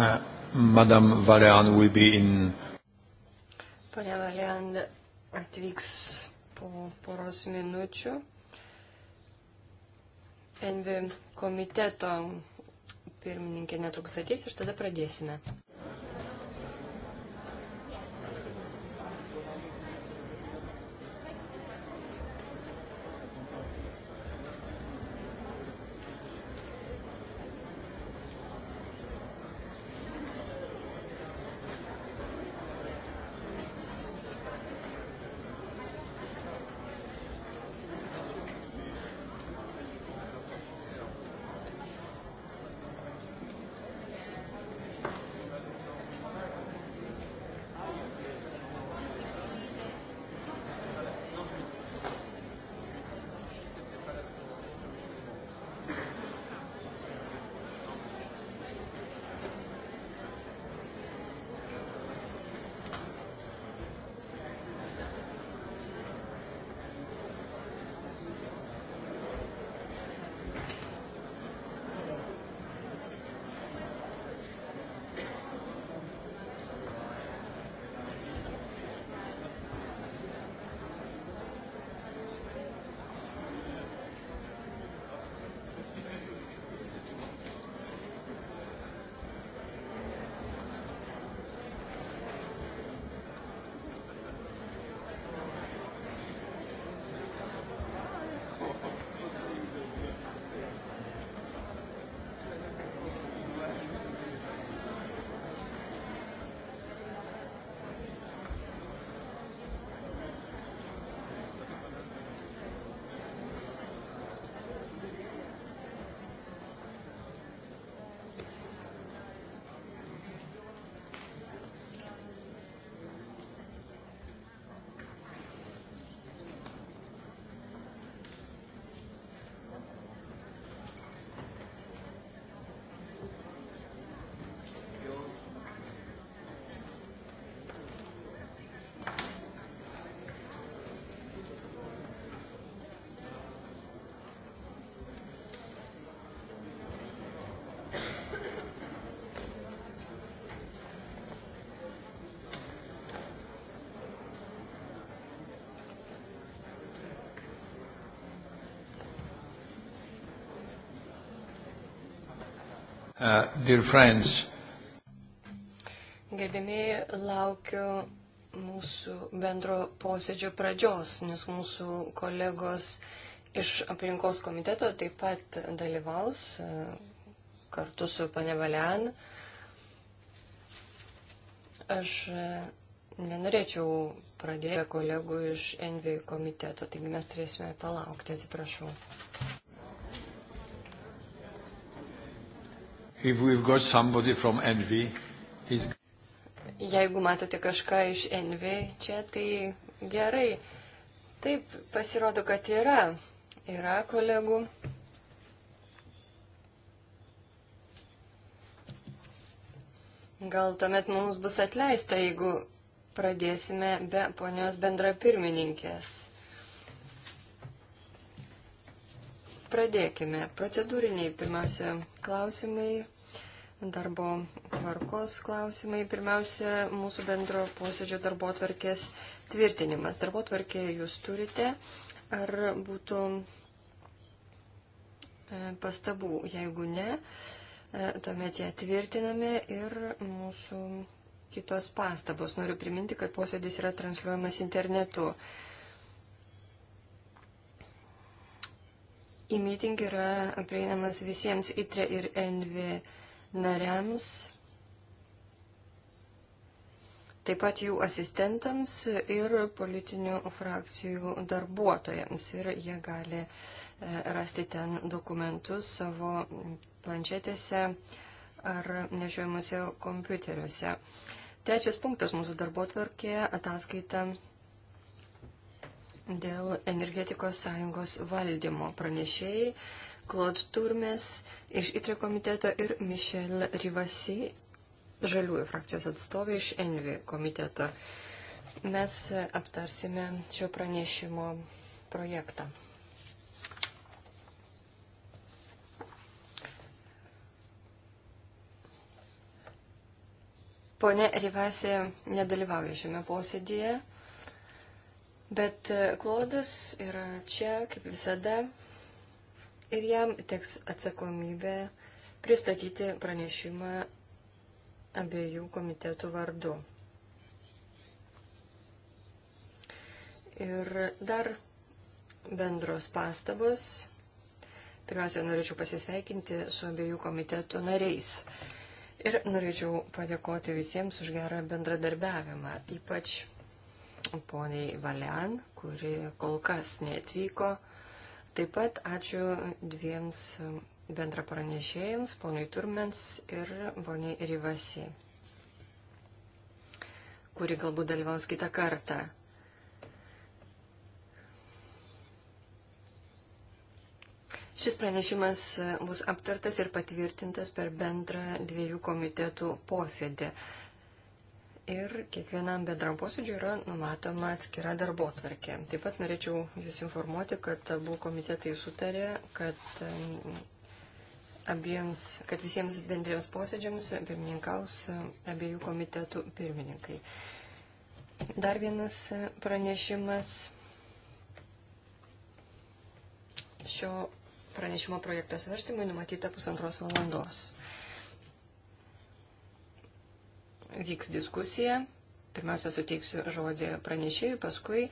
Uh, Madame Valean will be in. Pane Valean atvyks po poros minučių. Envi komiteto pirmininkė netrukus ateis ir tada pradėsime. Uh, dear friends. Gerbėmiai, laukiu mūsų bendro posėdžio pradžios, nes mūsų kolegos iš aplinkos komiteto taip pat dalyvaus uh, kartu su pane Valen. Aš uh, nenorėčiau pradėti kolegų iš NV komiteto, taigi mes turėsime palaukti, atsiprašau. NV, is... Jeigu matote kažką iš NV čia, tai gerai. Taip, pasirodo, kad yra. Yra kolegų. Gal tuomet mums bus atleista, jeigu pradėsime be ponios bendra pirmininkės. Pradėkime. Procedūriniai pirmiausia klausimai, darbo tvarkos klausimai. Pirmiausia, mūsų bendro posėdžio darbo tvarkės tvirtinimas. Darbo tvarkė jūs turite. Ar būtų e, pastabų? Jeigu ne, e, tuomet ją tvirtiname ir mūsų kitos pastabos. Noriu priminti, kad posėdis yra transliuojamas internetu. E-meeting yra prieinamas visiems ITRE ir ENVI nariams, taip pat jų asistentams ir politinių frakcijų darbuotojams. Ir jie gali e, rasti ten dokumentus savo planšetėse ar nešiuojamuose kompiuteriuose. Trečias punktas mūsų darbo tvarkėje - ataskaita dėl energetikos sąjungos valdymo pranešėjai Klod Turmes iš ITRE komiteto ir Mišel Rivasi, žaliųjų frakcijos atstovė iš ENVI komiteto. Mes aptarsime šio pranešimo projektą. Pone Rivasi nedalyvauja šiame posėdėje. Bet e, Klodas yra čia, kaip visada, ir jam teks atsakomybė pristatyti pranešimą abiejų komitetų vardu. Ir dar bendros pastabos. Pirmiausia, norėčiau pasisveikinti su abiejų komitetų nariais. Ir norėčiau padėkoti visiems už gerą bendradarbiavimą, ypač poniai Valian, kuri kol kas netvyko. Taip pat ačiū dviems bendra pranešėjams, poniai Turmens ir poniai Rivasi, kuri galbūt dalyvaus kitą kartą. Šis pranešimas bus aptartas ir patvirtintas per bendrą dviejų komitetų posėdį ir kiekvienam bendram posėdžiui yra numatoma atskira darbo tvarkė. Taip pat norėčiau Jūs informuoti, kad abu komitetai sutarė, kad, abiems, kad visiems bendriems posėdžiams pirmininkaus abiejų komitetų pirmininkai. Dar vienas pranešimas. Šio pranešimo projekto svarstymui numatyta pusantros valandos. vyks diskusija. Pirmiausia, suteiksiu žodį pranešėjui, paskui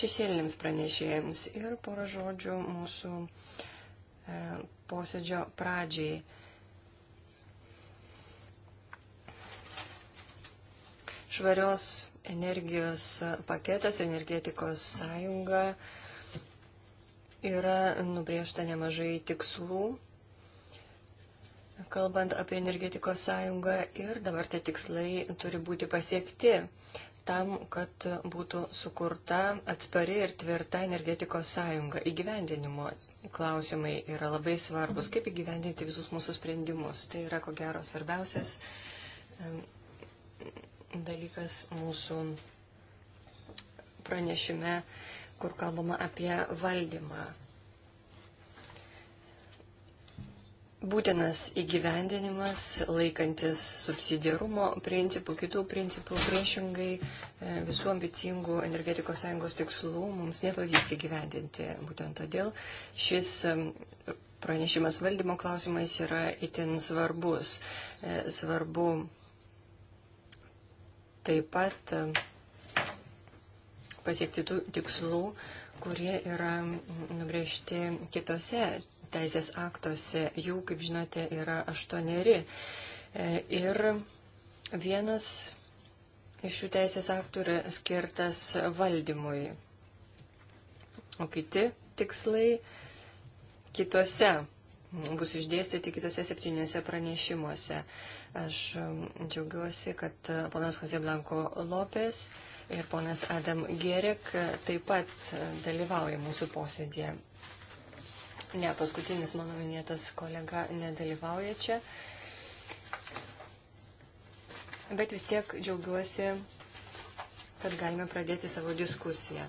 šešėlinėms pranešėjams ir porą žodžių mūsų e, posėdžio pradžiai. Švarios energijos paketas, energetikos sąjunga yra nubriežta nemažai tikslų kalbant apie energetikos sąjungą ir dabar tie tikslai turi būti pasiekti tam, kad būtų sukurta atspari ir tvirta energetikos sąjunga. Įgyvendinimo klausimai yra labai svarbus. Kaip įgyvendinti visus mūsų sprendimus? Tai yra, ko gero, svarbiausias dalykas mūsų pranešime, kur kalbama apie valdymą būtinas įgyvendinimas, laikantis subsidiarumo principų, kitų principų, priešingai e, visų ambicingų energetikos sąjungos tikslų mums nepavyks įgyvendinti. Būtent todėl šis e, pranešimas valdymo klausimais yra itin svarbus. E, svarbu taip pat pasiekti tų tikslų, kurie yra nubrėžti kitose teisės aktuose. Jų, kaip žinote, yra aštuoneri. E, ir vienas iš šių teisės aktų yra skirtas valdymui. O kiti tikslai kitose bus išdėstyti kitose septyniuose pranešimuose. Aš džiaugiuosi, kad ponas Jose Blanko Lopes ir ponas Adam Gerek taip pat dalyvauja mūsų posėdėje. Ne, paskutinis mano minėtas kolega nedalyvauja čia. Bet vis tiek džiaugiuosi, kad galime pradėti savo diskusiją.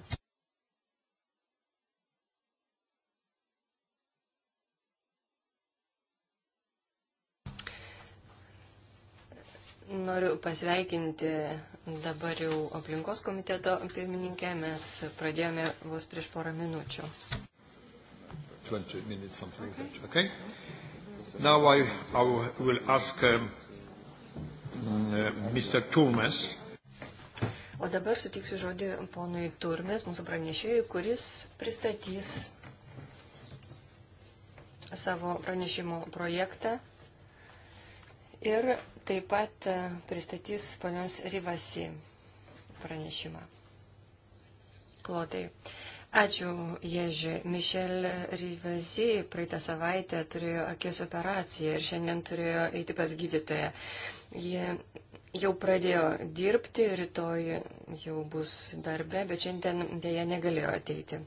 Noriu pasveikinti dabar jau aplinkos komiteto pirmininkę, mes pradėjome vos prieš porą minučių. 20 minutes, something okay. like that. Okay? Now I, I will ask um, mm, uh, Mr. Turmes. O dabar sutiksiu žodį ponui Turmes, mūsų pranešėjui, kuris pristatys savo pranešimo projektą ir taip pat uh, pristatys ponios Rivasi pranešimą. Klotai. Ačiū, Ježi. Mišel Rivazi praeitą savaitę turėjo akies operaciją ir šiandien turėjo eiti pas gydytoją. Jie jau pradėjo dirbti, rytoj jau bus darbe, bet šiandien dėja negalėjo ateiti.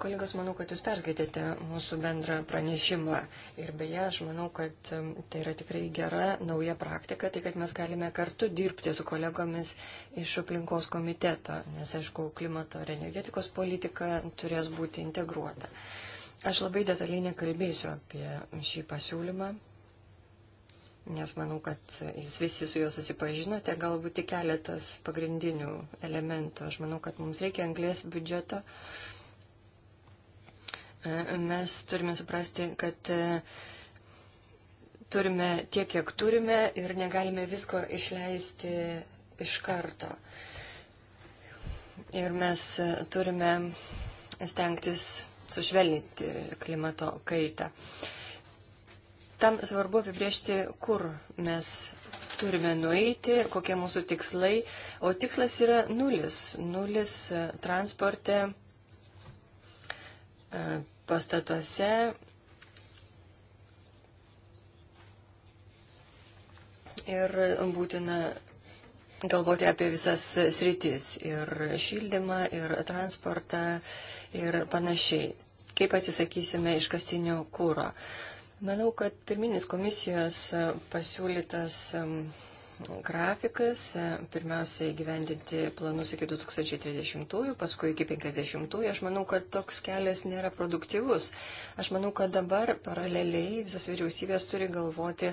Kolegos, manau, kad jūs perskaitėte mūsų bendrą pranešimą. Ir beje, aš manau, kad tai yra tikrai gera nauja praktika, tai kad mes galime kartu dirbti su kolegomis iš aplinkos komiteto, nes, aišku, klimato ir energetikos politika turės būti integruota. Aš labai detaliai nekalbėsiu apie šį pasiūlymą, nes manau, kad jūs visi su juo susipažinote, galbūt tik keletas pagrindinių elementų. Aš manau, kad mums reikia anglės biudžeto. E, mes turime suprasti, kad e, turime tiek, kiek turime ir negalime visko išleisti iš karto. Ir mes e, turime stengtis sušvelninti klimato kaitą. Tam svarbu apibriežti, kur mes turime nueiti, kokie mūsų tikslai, o tikslas yra nulis. Nulis transporte, pastatuose. Ir būtina galvoti apie visas sritis - ir šildymą, ir transportą, ir panašiai. Kaip atsisakysime iškastinio kūro. Manau, kad pirminis komisijos pasiūlytas grafikas. E, pirmiausia, įgyvendinti planus iki 2030-ųjų, paskui iki 50-ųjų. Aš manau, kad toks kelias nėra produktyvus. Aš manau, kad dabar paraleliai visos vyriausybės turi galvoti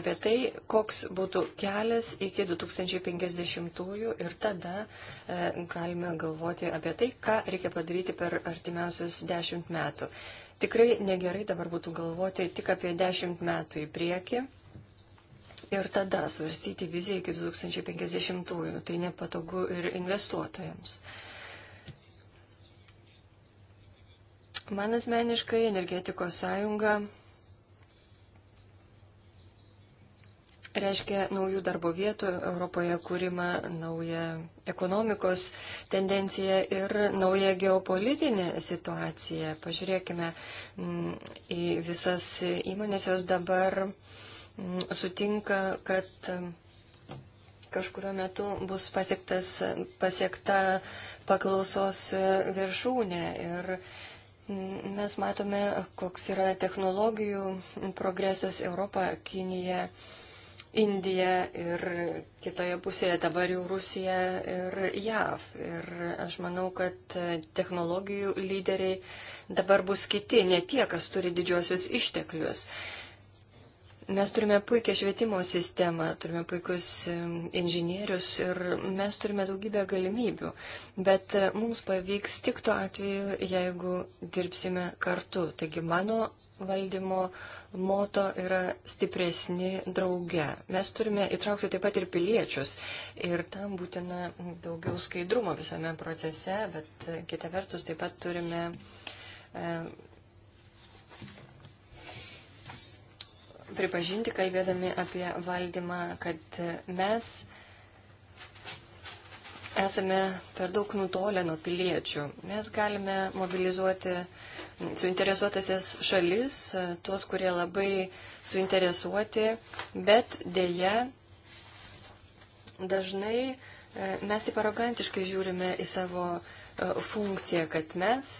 apie tai, koks būtų kelias iki 2050-ųjų ir tada e, galime galvoti apie tai, ką reikia padaryti per artimiausius dešimt metų. Tikrai negerai dabar būtų galvoti tik apie dešimt metų į priekį ir tada svarstyti viziją iki 2050-ųjų. Tai nepatogu ir investuotojams. Man asmeniškai energetikos sąjunga reiškia naujų darbo vietų Europoje kūrimą, naują ekonomikos tendenciją ir naują geopolitinę situaciją. Pažiūrėkime mm, į visas įmonės, jos dabar sutinka, kad um, kažkurio metu bus pasiekta paklausos viršūnė. Ir mm, mes matome, koks yra technologijų progresas Europą, Kiniją. Indija ir kitoje pusėje dabar jau Rusija ir JAV. Ir aš manau, kad technologijų lyderiai dabar bus kiti, ne tie, kas turi didžiosius išteklius. Mes turime puikią švietimo sistemą, turime puikius inžinierius ir mes turime daugybę galimybių, bet e, mums pavyks tik tuo atveju, jeigu dirbsime kartu. Taigi mano valdymo moto yra stipresni drauge. Mes turime įtraukti taip pat ir piliečius ir tam būtina daugiau skaidrumo visame procese, bet e, kita vertus taip pat turime pripažinti, kalbėdami apie valdymą, kad mes esame per daug nutolę nuo piliečių. Mes galime mobilizuoti suinteresuotasias šalis, tuos, kurie labai suinteresuoti, bet dėja dažnai e, mes taip arogantiškai žiūrime į savo e, funkciją, kad mes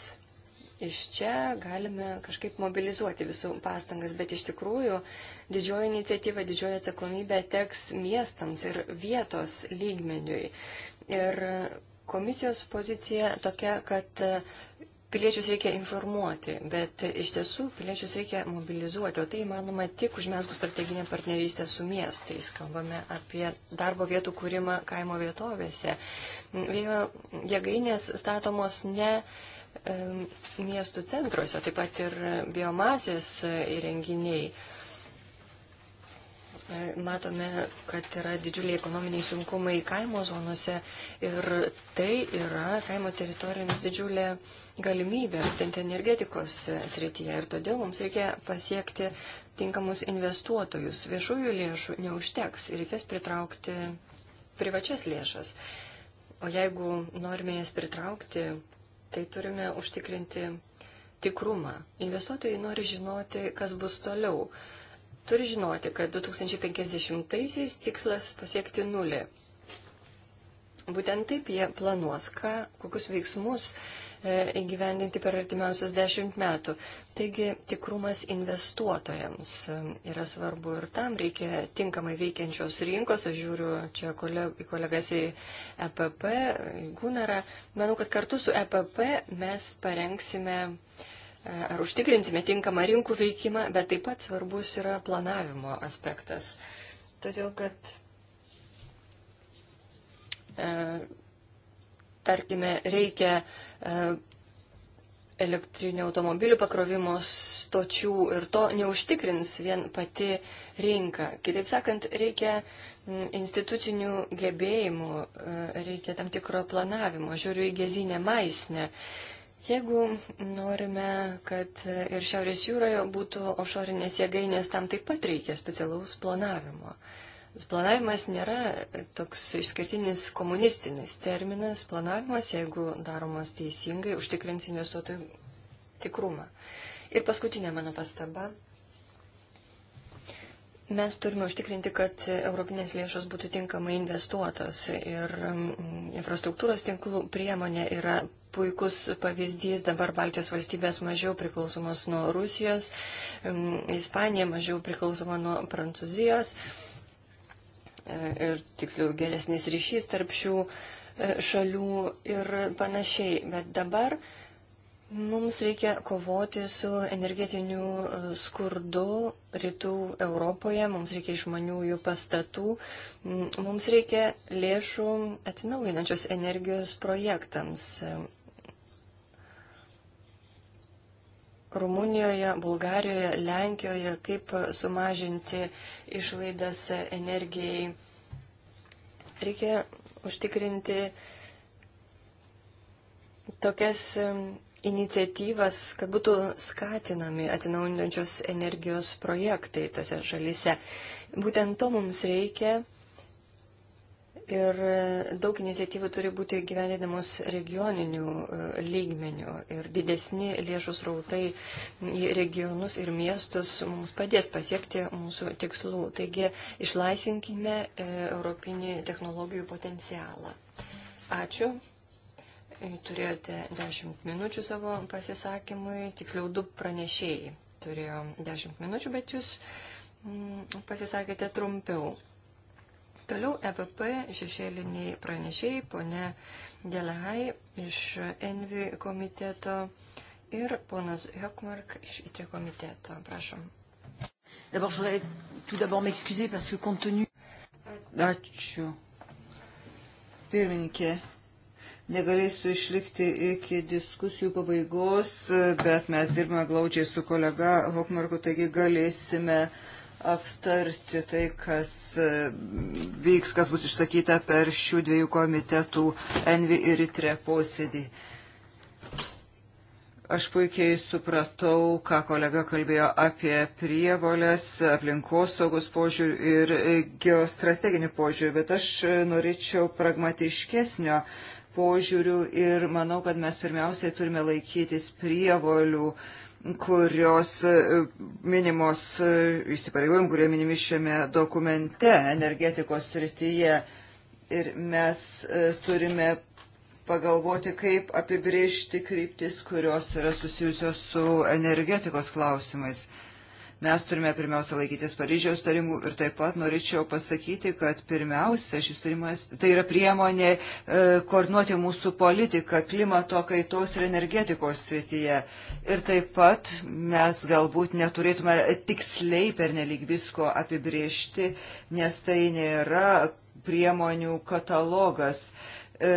iš čia galime kažkaip mobilizuoti visų pastangas, bet iš tikrųjų didžioji iniciatyva, didžioji atsakomybė teks miestams ir vietos lygmeniui. Ir komisijos pozicija tokia, kad piliečius reikia informuoti, bet iš tiesų piliečius reikia mobilizuoti, o tai įmanoma tik užmesgų strateginę partnerystę su miestais. Kalbame apie darbo vietų kūrimą kaimo vietovėse. Vėjo jėgainės statomos ne miestų centruose, taip pat ir biomasės įrenginiai. E, matome, kad yra didžiuliai ekonominiai sunkumai kaimo zonuose ir tai yra kaimo teritorijoms didžiulė galimybė, būtent energetikos srityje. Ir todėl mums reikia pasiekti tinkamus investuotojus. Viešųjų lėšų neužteks, reikės pritraukti privačias lėšas. O jeigu norime jas pritraukti, tai turime užtikrinti tikrumą. Investuotojai nori žinoti, kas bus toliau. Turi žinoti, kad 2050-aisiais tikslas pasiekti nulį. Būtent taip jie planuos, ką, kokius veiksmus E, įgyvendinti per artimiausius dešimt metų. Taigi tikrumas investuotojams e, yra svarbu ir tam reikia tinkamai veikiančios rinkos. Aš žiūriu čia koleg kolegas į EPP, Gunarą. Manau, kad kartu su EPP mes parengsime e, ar užtikrinsime tinkamą rinkų veikimą, bet taip pat svarbus yra planavimo aspektas. Todėl, kad tarkime, reikia e, elektrinio automobilių pakrovimo stočių ir to neužtikrins vien pati rinka. Kitaip sakant, reikia institucinių gebėjimų, e, reikia tam tikro planavimo. Žiūriu į gezinę maisnę. Jeigu norime, kad ir Šiaurės jūroje būtų ošorinės jėgainės, tam taip pat reikia specialaus planavimo. Uh, Planavimas nėra toks išskirtinis komunistinis terminas. Planavimas, jeigu daromas teisingai, užtikrins investuotojų tikrumą. Ir paskutinė mano pastaba. Mes turime užtikrinti, kad europinės lėšos būtų tinkamai investuotos ir mm, infrastruktūros tinklų priemonė yra puikus pavyzdys. Dabar Baltijos valstybės mažiau priklausomos nuo Rusijos, mm, Ispanija mažiau priklausoma nuo Prancūzijos ir tiksliau geresnis ryšys tarp šių e, šalių ir panašiai. Bet dabar mums reikia kovoti su energetiniu e, skurdu rytų Europoje, mums reikia išmaniųjų pastatų, mums reikia lėšų atsinaujinančios energijos projektams. Rumunijoje, Bulgarijoje, Lenkijoje, kaip sumažinti išlaidas energijai. Reikia užtikrinti tokias iniciatyvas, kad būtų skatinami atsinaujinančios energijos projektai tose šalyse. Būtent to mums reikia Ir e, daug iniciatyvų turi būti gyvendinamos regioninių e, lygmenių. Ir didesni lėšų srautai į regionus ir miestus mums padės pasiekti mūsų tikslų. Taigi išlaisinkime e, europinį technologijų potencialą. Ačiū. Turėjote 10 minučių savo pasisakymui, tiksliau du pranešėjai turėjo 10 minučių, bet jūs mm, pasisakėte trumpiau. Toliau EPP šešėliniai pranešiai, ponė Delahai iš Envi komiteto ir ponas Hekmark iš ITRE komiteto. Prašom. Ačiū. Pirmininkė, negalėsiu išlikti iki diskusijų pabaigos, bet mes dirbame glaudžiai su kolega Hokmarku, taigi galėsime uh, aptarti tai, kas e, vyks, kas bus išsakyta per šių dviejų komitetų Envi ir Itre posėdį. Aš puikiai supratau, ką kolega kalbėjo apie prievolės, aplinkosaugos požiūrį ir geostrateginį požiūrį, bet aš norėčiau pragmatiškesnio požiūrių ir manau, kad mes pirmiausiai turime laikytis prievolių uh, kurios e, minimos e, įsipareigojimų, kurie minimi šiame dokumente energetikos srityje. Ir mes e, turime pagalvoti, kaip apibriežti kryptis, kurios yra susijusios su energetikos klausimais. Mes turime pirmiausia laikytis Paryžiaus tarimų ir taip pat norėčiau pasakyti, kad pirmiausia šis tarimas, tai yra priemonė e, koordinuoti mūsų politiką klimato kaitos ir energetikos srityje. Ir taip pat mes galbūt neturėtume tiksliai pernelyg visko apibriežti, nes tai nėra priemonių katalogas e,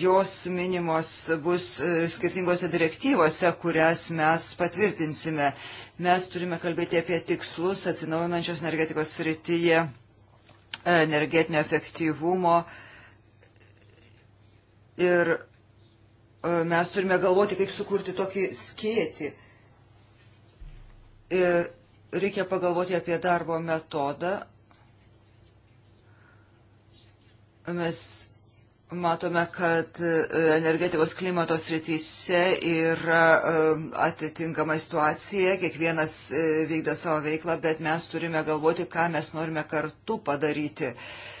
jos minimos bus e, skirtingose direktyvose, kurias mes patvirtinsime. Mes turime kalbėti apie tikslus atsinaujinančios energetikos srityje, e, energetinio efektyvumo ir e, mes turime galvoti, kaip sukurti tokį skėtį. Ir reikia pagalvoti apie darbo metodą. Mes Matome, kad e, energetikos klimato srityse yra e, atitinkama situacija, kiekvienas e, vykdo savo veiklą, bet mes turime galvoti, ką mes norime kartu padaryti. Uh,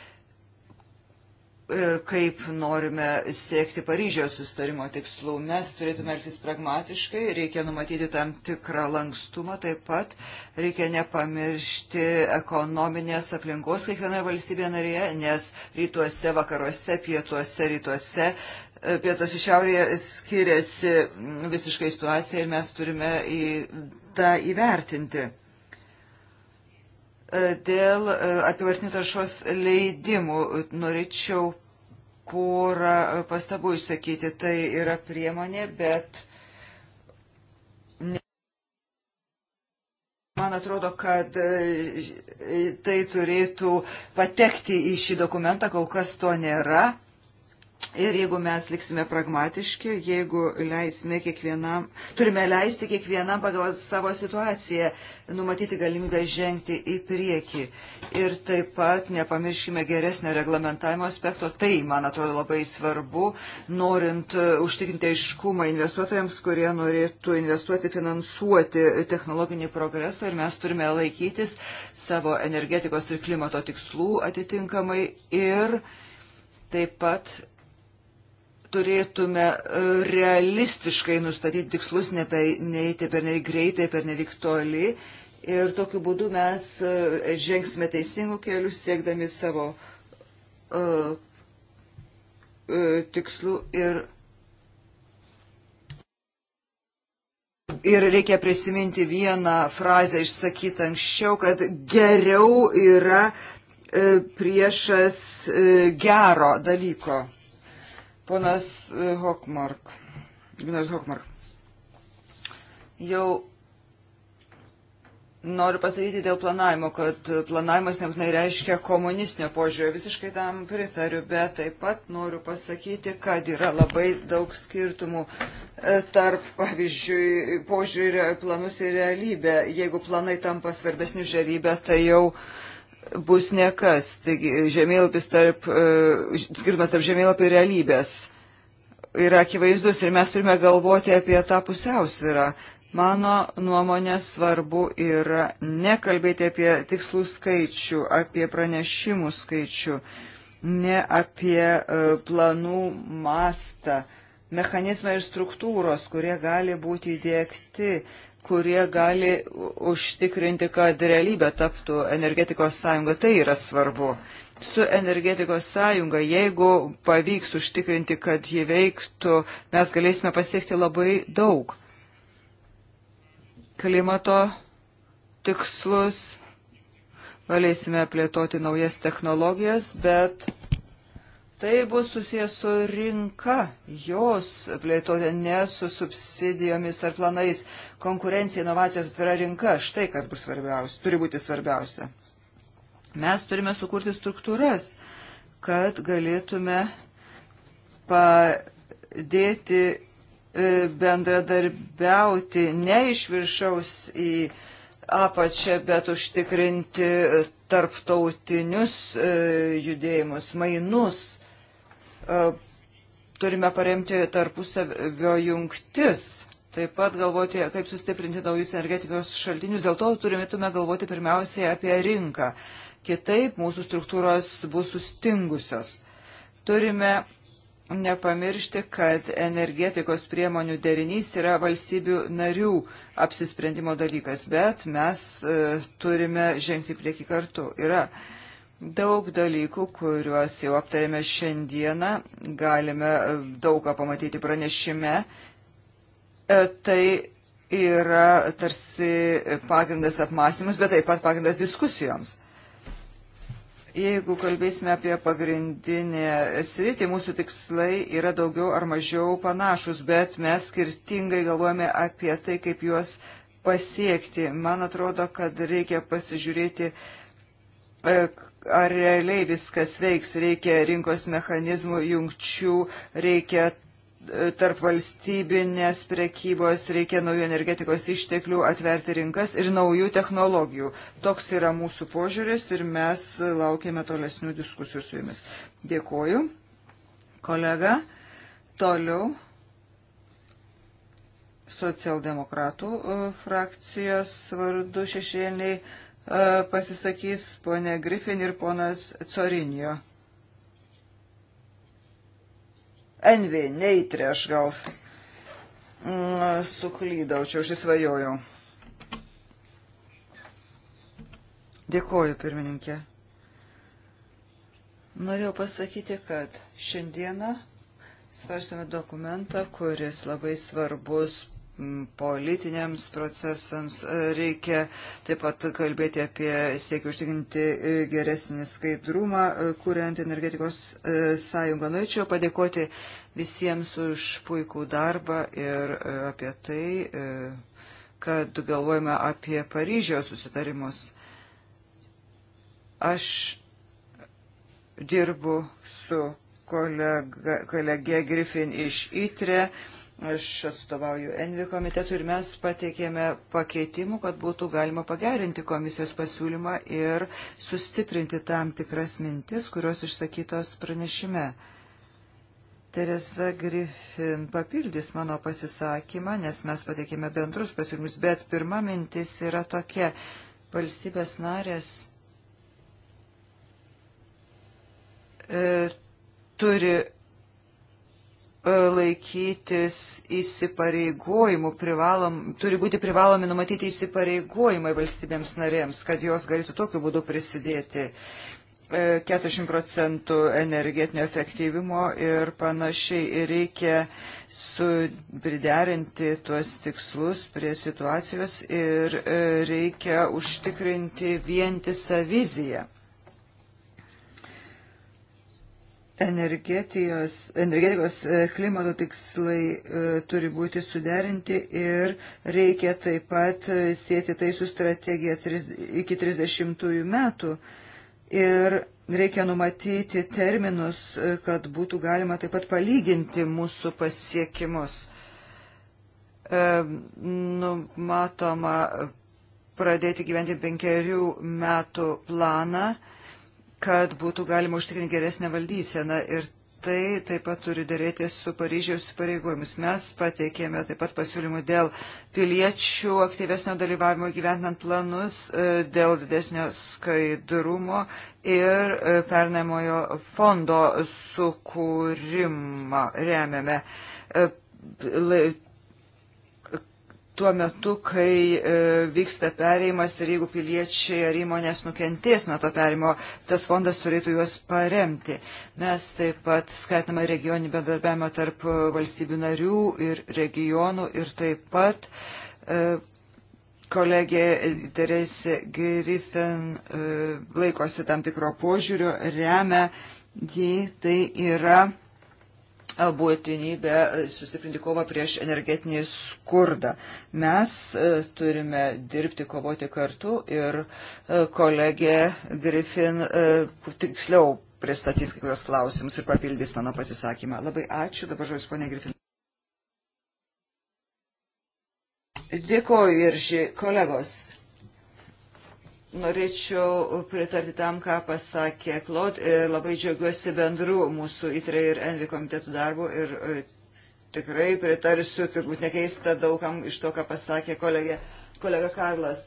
ir kaip norime siekti Paryžiaus sustarimo tikslų. Mes turėtume elgtis pragmatiškai, reikia numatyti tam tikrą lankstumą, taip pat reikia nepamiršti ekonominės aplinkos kiekvienoje valstybėje narėje, nes rytuose, vakaruose, pietuose, rytuose, e, pietuose šiaurėje skiriasi visiškai situacija ir mes turime į tą įvertinti. Dėl e, apivartinių taršos leidimų norėčiau porą e, pastabų išsakyti. Tai yra priemonė, bet man atrodo, kad e, tai turėtų patekti į šį dokumentą, kol kas to nėra. Ir jeigu mes liksime pragmatiški, jeigu leisime kiekvienam, turime leisti kiekvienam pagal savo situaciją numatyti galimybę žengti į priekį. Ir taip pat nepamirškime geresnio reglamentavimo aspekto. Tai, man atrodo, labai svarbu, norint e, užtikrinti aiškumą investuotojams, kurie norėtų investuoti, finansuoti technologinį progresą. Ir mes turime laikytis savo energetikos ir klimato tikslų atitinkamai. Ir taip pat turėtume e, realistiškai nustatyti tikslus, neįti tai per nelik greitai, per nelik toli. Ir tokiu būdu mes e, žengsime teisingų kelių, siekdami savo uh, tikslų ir. Ir reikia prisiminti vieną frazę išsakytą anksčiau, kad geriau yra priešas gero dalyko. Ponas e, Hokmark. Gnas Hokmark. Jau noriu pasakyti dėl planavimo, kad planavimas nebūtinai reiškia komunistinio požiūrio. Visiškai tam pritariu, bet taip pat noriu pasakyti, kad yra labai daug skirtumų e, tarp, pavyzdžiui, požiūrį planus ir realybę. Jeigu planai tampa svarbesni už realybę, tai jau uh, bus nekas. Taigi žemėlapis tarp, e, skirtumas tarp žemėlapio ir realybės yra akivaizdus ir mes turime galvoti apie tą pusiausvyrą. Mano nuomonė svarbu yra nekalbėti apie tikslų skaičių, apie pranešimų skaičių, ne apie e, planų mastą, mechanizmą ir struktūros, kurie gali būti įdėkti kurie gali užtikrinti, kad realybė taptų energetikos sąjunga. Tai yra svarbu. Su energetikos sąjunga, jeigu pavyks užtikrinti, kad ji veiktų, mes galėsime pasiekti labai daug. Klimato tikslus, galėsime plėtoti naujas technologijas, bet Tai bus susijęs su rinka, jos plėtotė, ne su subsidijomis ar planais. Konkurencija, inovacijos atvira rinka, štai kas bus svarbiausia, turi būti svarbiausia. Mes turime sukurti struktūras, kad galėtume padėti e, bendradarbiauti ne iš viršaus į apačią, bet užtikrinti tarptautinius e, judėjimus, mainus. E, turime paremti tarpusavio jungtis. Taip pat galvoti, kaip sustiprinti naujus energetikos šaltinius. Dėl to turime galvoti pirmiausiai apie rinką. Kitaip mūsų struktūros bus sustingusios. Turime nepamiršti, kad energetikos priemonių derinys yra valstybių narių apsisprendimo dalykas, bet mes e, turime žengti prieki kartu. Yra e, Daug dalykų, kuriuos jau aptarėme šiandieną, galime e, daugą pamatyti pranešime. E, tai yra tarsi pagrindas apmąstymus, bet taip pat pagrindas diskusijoms. Jeigu kalbėsime apie pagrindinę sritį, mūsų tikslai yra daugiau ar mažiau panašus, bet mes skirtingai galvojame apie tai, kaip juos pasiekti. Man atrodo, kad reikia pasižiūrėti, e, ar realiai viskas veiks, reikia rinkos mechanizmų jungčių, reikia e, tarp valstybinės prekybos, reikia naujų energetikos išteklių, atverti rinkas ir naujų technologijų. Toks yra mūsų požiūris ir mes laukiame tolesnių diskusijų su jumis. Dėkoju. Kolega, toliau socialdemokratų e, frakcijos vardu šešėliniai E, pasisakys ponė Griffin ir ponas Corinio. Envy, neįtrė, aš gal mm, suklydau, čia užsisvajojau. Dėkoju, pirmininkė. Norėjau pasakyti, kad šiandieną svarstame dokumentą, kuris labai svarbus politiniams procesams. E, reikia taip pat kalbėti apie siekį užtikrinti e, geresnį skaidrumą, e, kuriant energetikos sąjungą. Norėčiau padėkoti visiems už puikų darbą ir apie tai, kad galvojame apie Paryžiaus susitarimus. Aš dirbu su kolega, kolegė Griffin iš ITRE Aš atstovauju Envi komitetu ir mes pateikėme pakeitimų, kad būtų galima pagerinti komisijos pasiūlymą ir sustiprinti tam tikras mintis, kurios išsakytos pranešime. Teresa Griffin papildys mano pasisakymą, nes mes pateikėme bendrus pasiūlymus, bet pirma mintis yra tokia. Valstybės narės e, turi E, laikytis įsipareigojimų, privalom, turi būti privalomi numatyti įsipareigojimai valstybėms narėms, kad jos galėtų tokiu būdu prisidėti 40 e, procentų energetinio efektyvimo ir panašiai. Ir reikia priderinti tuos tikslus prie situacijos ir e, reikia užtikrinti vientisą viziją. energetijos, energetikos e, klimato tikslai e, turi būti suderinti ir reikia taip pat e, sėti tai su strategija tris, iki 30 metų. Ir reikia numatyti terminus, e, kad būtų galima taip pat palyginti mūsų pasiekimus. E, numatoma pradėti gyventi penkerių metų planą kad būtų galima užtikrinti geresnę valdyseną ir tai taip pat turi dėrėti su Paryžiaus pareigomis. Mes pateikėme taip pat pasiūlymų dėl piliečių aktyvesnio dalyvavimo gyventant planus, e, dėl didesnio skaidrumo ir e, pernamojo fondo sukūrimą remiame e, tuo metu, kai e, vyksta pereimas ir jeigu piliečiai ar įmonės nukentės nuo to perimo, tas fondas turėtų juos paremti. Mes taip pat skatiname regioninį bendarbiavimą tarp valstybių narių ir regionų ir taip pat e, kolegė Teresė Griffin e, laikosi tam tikro požiūrio, remia jį, tai yra būtinybę e, sustiprinti kovą prieš energetinį skurdą. Mes e, turime dirbti, kovoti kartu ir e, kolegė Griffin tiksliau pristatys kai kurios klausimus ir papildys mano pasisakymą. Labai ačiū, dabar žodis ponė Griffin. Dėkoju ir ši kolegos. Norėčiau pritarti tam, ką pasakė Klod ir labai džiaugiuosi bendru mūsų ITRE ir ENVI komitetų darbu ir e, tikrai pritarsiu, turbūt nekeista daugam iš to, ką pasakė kolegė, kolega Karlas.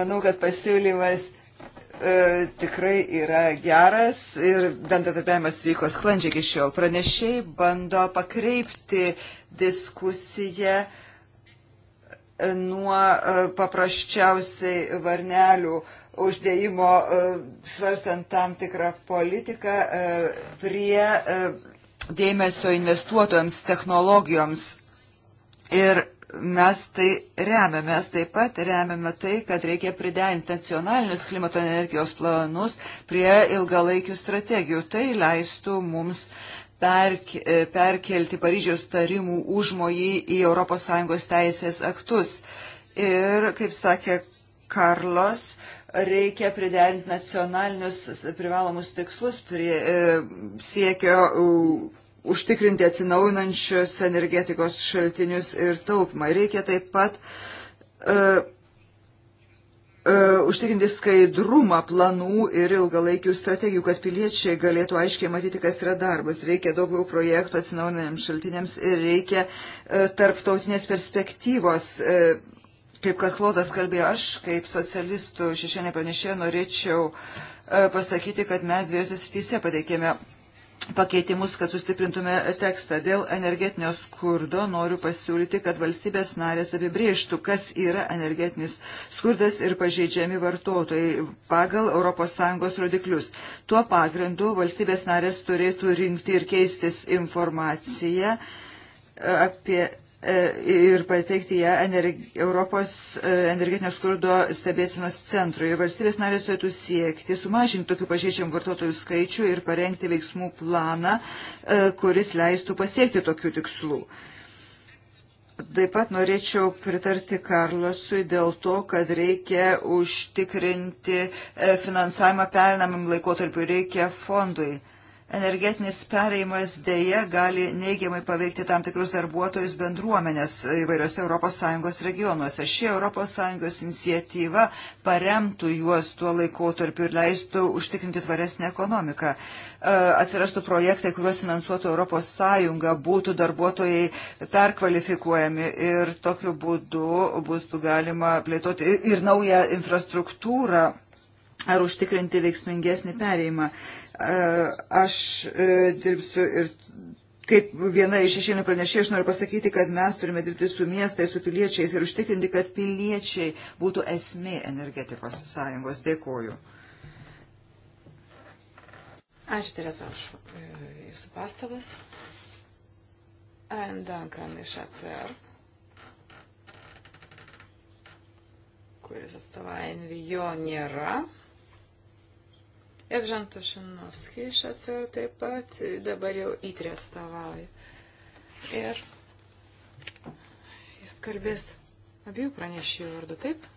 Manau, kad pasiūlymas e, tikrai yra geras ir bendradarbiavimas vyko sklandžiai iki šiol. Pranešiai bando pakreipti diskusiją. E, nuo e, paprasčiausiai varnelių uždėjimo e, svarstant tam tikrą politiką e, prie dėmesio investuotojams, technologijoms. Ir mes tai remiame, mes taip pat remiame tai, kad reikia priderinti nacionalinius klimato energijos planus prie ilgalaikių strategijų. Tai leistų mums E, perkelti Paryžiaus tarimų užmojį į ES teisės aktus. Ir, kaip sakė Karlos, reikia priderinti nacionalinius privalomus tikslus prie e, siekio užtikrinti atsinaujinančius energetikos šaltinius ir taupimą. Reikia taip pat uh, E, užtikrinti skaidrumą planų ir ilgalaikių strategijų, kad piliečiai galėtų aiškiai matyti, kas yra darbas. Reikia daugiau projektų atsinaujinėms šaltiniams ir reikia e, tarptautinės perspektyvos. E, kaip kad Klodas kalbėjo, aš kaip socialistų šešienė pranešė norėčiau pasakyti, kad mes dviejose srityse pateikėme pakeitimus, kad sustiprintume tekstą. Dėl energetinio skurdo noriu pasiūlyti, kad valstybės narės apibrieštų, kas yra energetinis skurdas ir pažeidžiami vartotojai pagal ES rodiklius. Tuo pagrindu valstybės narės turėtų rinkti ir keistis informaciją apie E, ir pateikti ją energi Europos e, energetinio skurdo stebėsinos centrui. Ir valstybės narės turėtų siekti sumažinti tokių pažeidžiamų vartotojų skaičių ir parengti veiksmų planą, e, kuris leistų pasiekti tokių tikslų. Taip pat norėčiau pritarti Karlosui dėl to, kad reikia užtikrinti finansavimą perinamam laikotarpiu, reikia fondui energetinis pereimas dėje gali neigiamai paveikti tam tikrus darbuotojus bendruomenės įvairiose ES regionuose. Ši ES iniciatyva paremtų juos tuo laikotarpiu ir leistų užtikrinti tvaresnę ekonomiką. E, atsirastų projektai, kuriuos finansuotų ES, būtų darbuotojai perkvalifikuojami ir tokiu būdu bus galima plėtoti ir naują infrastruktūrą ar užtikrinti veiksmingesnį pereimą. Aš e, dirbsiu ir kaip viena iš šešėlių pranešė, aš noriu pasakyti, kad mes turime dirbti su miestais, su piliečiais ir užtikrinti, kad piliečiai būtų esmė energetikos sąjungos. Dėkoju. Ačiū, Teresa, už e, jūsų pastabas. Ann Duncan iš ACR, kuris atstovauja NVO, nėra. Evžan Tušinovski iš atsir taip pat dabar jau įtrė atstovauja. Ir jis kalbės abiejų pranešėjų vardu, taip?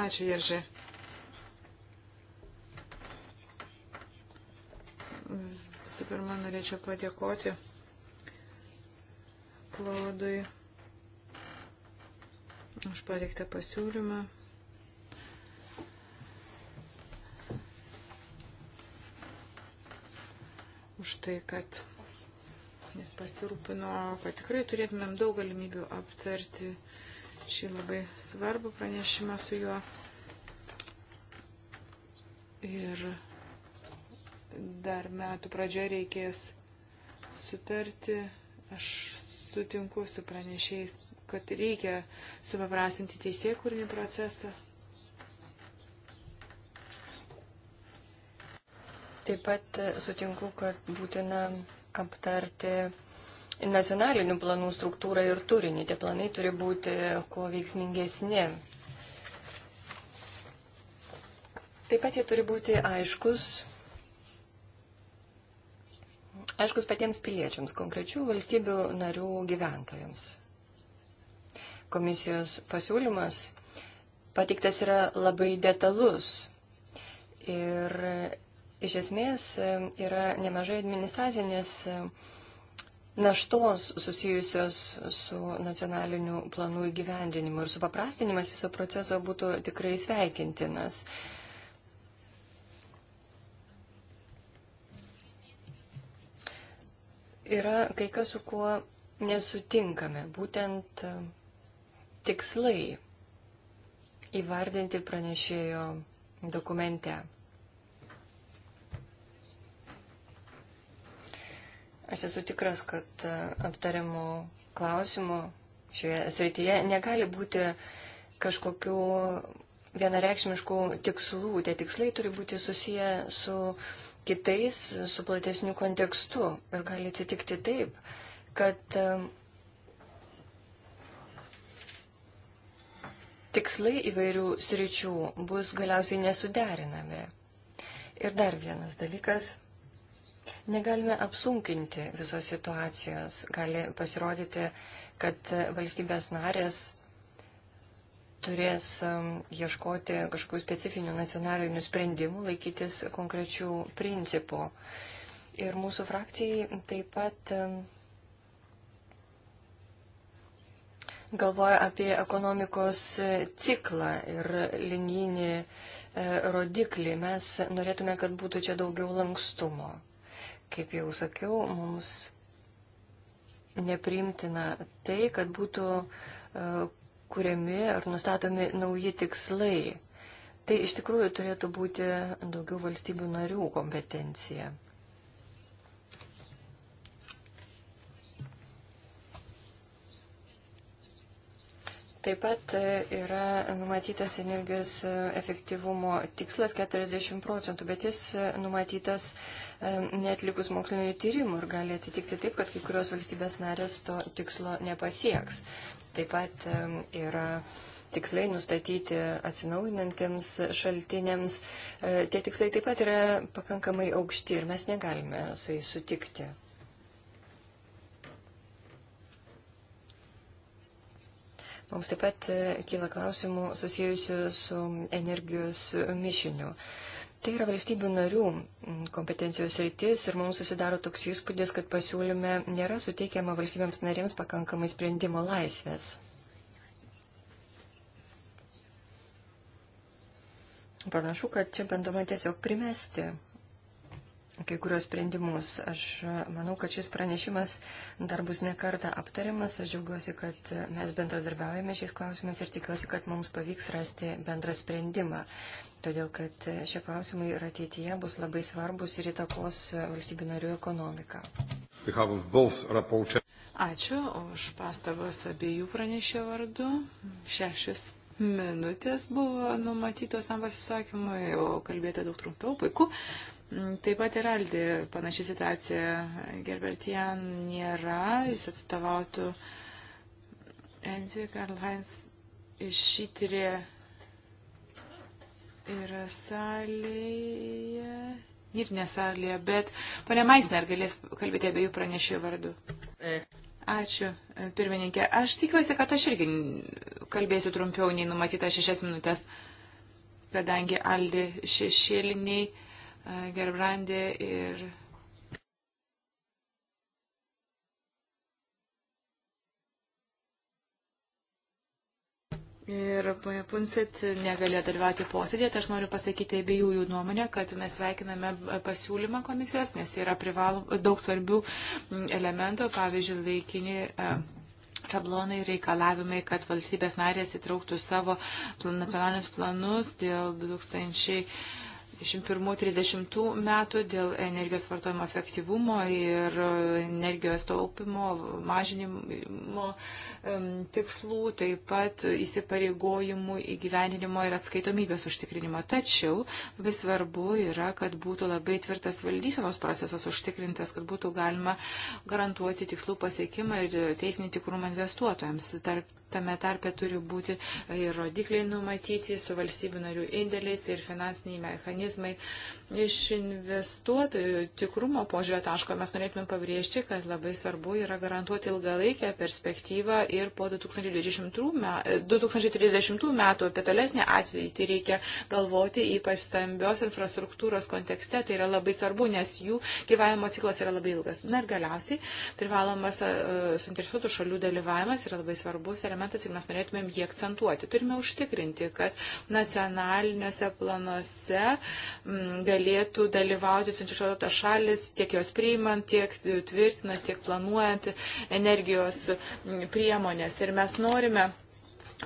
Ačiū, Jerži. Visų pirma, norėčiau padėkoti Klaudui už pateiktą pasiūlymą. už tai, kad jis pasirūpino, kad tikrai turėtumėm daug galimybių aptarti šį labai svarbų pranešimą su juo. Ir dar metų pradžioje reikės sutarti. Aš sutinku su pranešėjais, kad reikia supaprastinti teisėkūrinį procesą. Taip pat e, sutinku, kad būtina aptarti nacionalinių planų struktūrą ir turinį. Tie planai turi būti kuo veiksmingesni. Taip pat jie turi būti aiškus, aiškus patiems piliečiams, konkrečių valstybių narių gyventojams. Komisijos pasiūlymas pateiktas yra labai detalus ir iš esmės e, yra nemažai administracinės e, naštos susijusios su nacionaliniu planu įgyvendinimu ir supaprastinimas viso proceso būtų tikrai sveikintinas. Yra kai kas, su kuo nesutinkame, būtent e, tikslai įvardinti pranešėjo dokumente. Aš esu tikras, kad e, aptariamų klausimų šioje srityje negali būti kažkokių vienareikšmiškų tikslų. Tie tikslai turi būti susiję su kitais, su platesniu kontekstu. Ir gali atsitikti taip, kad e, tikslai įvairių sričių bus galiausiai nesuderinami. Ir dar vienas dalykas Negalime apsunkinti visos situacijos. Gali pasirodyti, kad valstybės narės turės um, ieškoti kažkokių specifinių nacionalinių sprendimų, laikytis konkrečių principų. Ir mūsų frakcijai taip pat um, galvoja apie ekonomikos ciklą ir linijinį e, rodiklį. Mes norėtume, kad būtų čia daugiau lankstumo. Kaip jau sakiau, mums nepriimtina tai, kad būtų e, kuriami ar nustatomi nauji tikslai. Tai iš tikrųjų turėtų būti daugiau valstybių narių kompetencija. Taip pat e, yra numatytas energijos e, efektyvumo tikslas 40 procentų, bet jis e, numatytas netlikus mokslinio tyrimų ir gali atsitikti taip, kad kai kurios valstybės narės to tikslo nepasieks. Taip pat yra tikslai nustatyti atsinaujinantiems šaltiniams. Tie tikslai taip pat yra pakankamai aukšti ir mes negalime su jais sutikti. Mums taip pat e, kyla klausimų susijusių su energijos mišiniu. Tai yra valstybių narių kompetencijos rytis ir mums susidaro toks įspūdis, kad pasiūlyme nėra suteikiama valstybėms narėms pakankamai sprendimo laisvės. Panašu, kad čia bandoma tiesiog primesti kai kurios sprendimus. Aš manau, kad šis pranešimas dar bus nekarta aptariamas. Aš džiaugiuosi, kad mes bendradarbiaujame šiais klausimais ir tikiuosi, kad mums pavyks rasti bendrą sprendimą. Todėl, kad šie klausimai ir ateityje bus labai svarbus ir įtakos valstybių narių ekonomiką. Ačiū už pastabas abiejų pranešė vardu. Šešis minutės buvo numatytos tam pasisakymui, o kalbėti daug trumpiau, puiku. Mm, taip pat ir Aldi panaši situacija. Gerbertian nėra, jis atstovautų Enzi Karlheinz išsitirė yra salėje. Ir nesalėje, bet ponia Maisner galės kalbėti abiejų pranešėjų vardu. Ačiū, pirmininkė. Aš tikiuosi, kad aš irgi kalbėsiu trumpiau nei numatyta šešias minutės, kadangi Aldi šešėliniai E, Gerbrandė ir Ir ponia Punsit negalėjo dalyvauti posėdėje, tai aš noriu pasakyti abiejų jų nuomonę, kad mes sveikiname pasiūlymą komisijos, nes yra privalo, daug svarbių elementų, pavyzdžiui, laikini. E, šablonai reikalavimai, kad valstybės narės įtrauktų savo nacionalinius planus dėl 2000. 21-30 metų dėl energijos vartojimo efektyvumo ir energijos taupimo, mažinimo tikslų, taip pat įsipareigojimų įgyvendinimo ir atskaitomybės užtikrinimo. Tačiau vis svarbu yra, kad būtų labai tvirtas valdysenos procesas užtikrintas, kad būtų galima garantuoti tikslų pasiekimą ir teisinį tikrumą investuotojams. Tarp Tame tarpe turi būti ir rodikliai numatyti su valstybių narių indėliais ir finansiniai mechanizmai. Uh, Iš investuotojų tikrumo požiūrio taško mes norėtume pabrėžti, kad labai svarbu yra garantuoti ilgalaikę perspektyvą ir po 2020 metų, 2030 metų apie tolesnį ateitį reikia galvoti, ypač stambios infrastruktūros kontekste. Tai yra labai svarbu, nes jų gyvavimo ciklas yra labai ilgas. Na ir galiausiai privalomas e, suinteresuotų šalių dalyvavimas yra labai svarbus elementas ir mes norėtumėm jį akcentuoti. Turime užtikrinti, kad nacionaliniuose planuose m, galėtų dalyvauti suinteresuotos šalis, tiek jos priimant, tiek tvirtinant, tiek planuojant energijos priemonės. Ir mes norime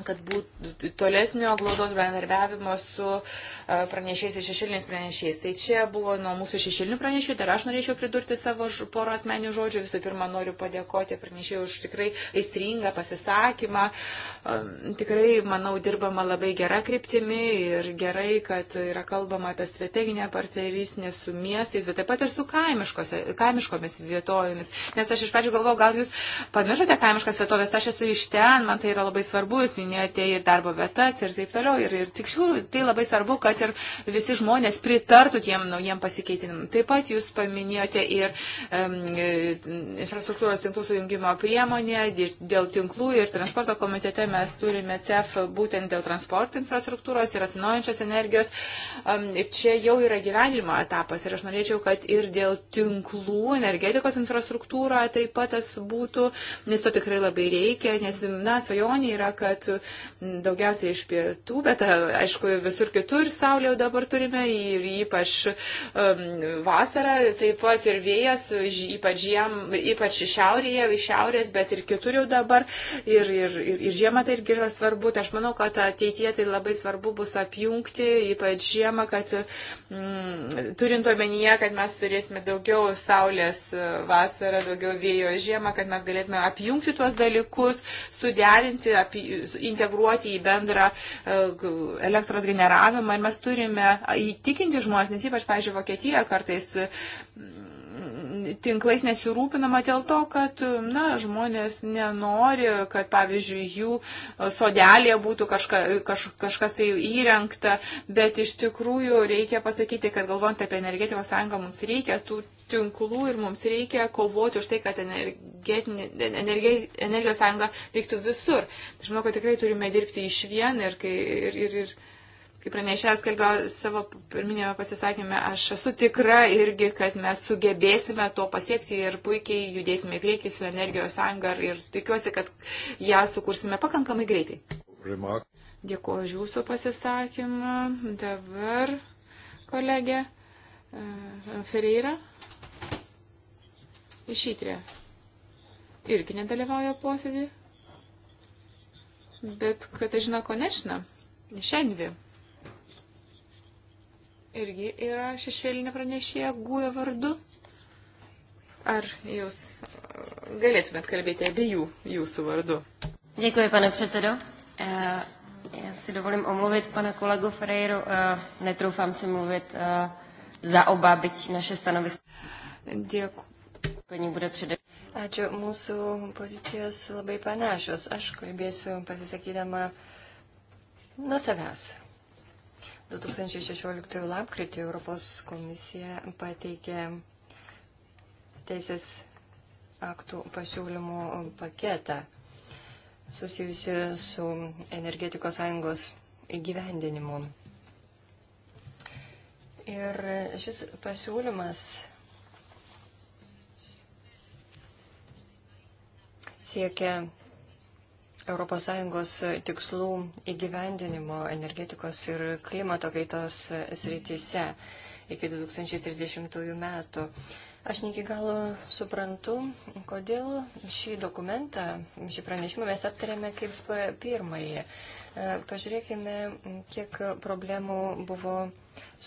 kad būtų tolesnio glaudos bendarbiavimo su e, pranešiais ir šešėliniais pranešiais. Tai čia buvo nuo mūsų šešėlinių pranešėjų, dar aš norėčiau pridurti savo porą asmenių žodžių. Visų pirma, noriu padėkoti pranešėjų už tikrai aistringą pasisakymą. Tikrai, manau, dirbama labai gera kryptimi ir gerai, kad yra kalbama apie strateginę partnerystę su miestais, bet taip pat ir su kaimiškomis vietovėmis. Nes aš iš pradžių galvojau, gal jūs pamiršote kaimiškas vietovės, aš esu iš ten, man tai yra labai svarbu. Jūs minėjote ir darbo vietas ir taip toliau. Ir, ir tik šių, tai labai svarbu, kad ir visi žmonės pritartų tiem naujiem pasikeitinimam. Taip pat jūs paminėjote ir um, infrastruktūros tinklų sujungimo priemonę dėl tinklų ir transporto komitete mes turime CEF būtent dėl transporto infrastruktūros ir atsinaujančios energijos. Um, ir čia jau yra gyvenimo etapas ir aš norėčiau, kad ir dėl tinklų energetikos infrastruktūroje taip pat tas būtų, nes to tikrai labai reikia, nes, na, svajonė yra, kad būtų daugiausiai iš pietų, bet e, aišku, visur kitur saulė jau dabar turime ir ypač um, vasarą, taip pat ir vėjas, ypač, žiem, ypač šiaurėje, iš šiaurės, bet ir kitur jau dabar. Ir, ir, ir, ir žiemą tai irgi yra svarbu. Tai aš manau, kad ateitie tai labai svarbu bus apjungti, ypač žiemą, kad mm, turint omenyje, kad mes turėsime daugiau saulės e, vasarą, daugiau vėjo žiemą, kad mes galėtume apjungti tuos dalykus, suderinti, api, integruoti į bendrą e, elektros generavimą ir mes turime įtikinti žmonės, nes ypač, pažiūrėjau, Vokietija kartais mm, tinklais nesirūpinama dėl to, kad na, žmonės nenori, kad pavyzdžiui jų sodelėje būtų kažka, kaž, kažkas tai įrengta, bet iš tikrųjų reikia pasakyti, kad galvojant apie energetikos sąjungą mums reikia tų tinklų ir mums reikia kovoti už tai, kad energijos sąjunga veiktų visur. Aš manau, kad tikrai turime dirbti iš vien ir, kai, ir, ir, ir kaip pranešėjas kalbėjo savo pirminėme pasisakymė, aš esu tikra irgi, kad mes sugebėsime to pasiekti ir puikiai judėsime į priekį su energijos sąjunga ir tikiuosi, kad ją sukursime pakankamai greitai. Remark. Dėkuoju už jūsų pasisakymą. Dabar, kolegė e, Ferreira. Šitrė irgi nedalyvauja posėdį, bet Katažina Konečna, šiandien irgi yra šešėlinė pranešėja guoja vardu. Ar jūs e, galėtumėt kalbėti abiejų jūsų vardu? Dėkuoju, pane předsedo. E, já si dovolím omluvit pana kolegu Ferreiru. E, netroufám si mluvit za oba, byť naše stanovisko. Děkuji. Ačiū, mūsų pozicijos labai panašios. Aš kalbėsiu pasisakydama nuo savęs. 2016 lapkritį Europos komisija pateikė teisės aktų pasiūlymų paketą susijusi su energetikos sąjungos įgyvendinimu. Ir šis pasiūlymas siekia ES tikslų įgyvendinimo energetikos ir klimato kaitos srityse iki 2030 metų. Aš ne iki galo suprantu, kodėl šį dokumentą, šį pranešimą mes aptarėme kaip pirmąjį. E, pažiūrėkime, kiek problemų buvo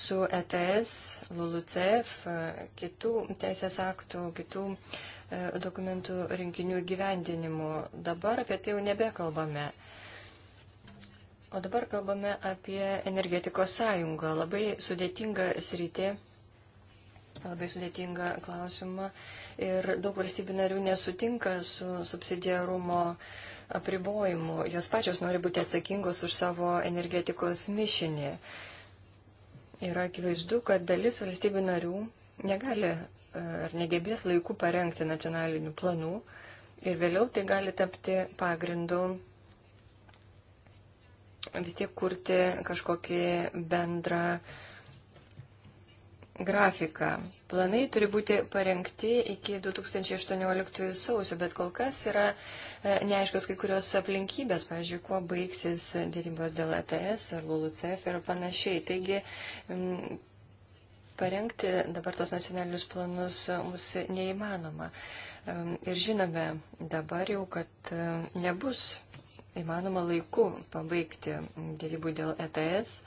su ETS, LULUCEF, e, kitų teisės aktų, kitų e, dokumentų rinkinių gyvendinimu. Dabar apie tai jau nebekalbame. O dabar kalbame apie energetikos sąjungą. Labai sudėtinga sritė labai sudėtingą klausimą ir daug valstybių narių nesutinka su subsidiarumo apribojimų. Jos pačios nori būti atsakingos už savo energetikos mišinį. Yra akivaizdu, kad dalis valstybių narių negali e, ar negebės laiku parengti nacionalinių planų ir vėliau tai gali tapti pagrindu vis tiek kurti kažkokį bendrą uh, grafiką. Planai turi būti parengti iki 2018 sausio, bet kol kas yra e, neaiškios kai kurios aplinkybės, pavyzdžiui, kuo baigsis dėrybos dėl ETS ar LULUCF ir panašiai. Taigi, parengti dabar tos nacionalinius planus mus neįmanoma. E, ir žinome dabar jau, kad e, nebus įmanoma laiku pabaigti dėrybų dėl ETS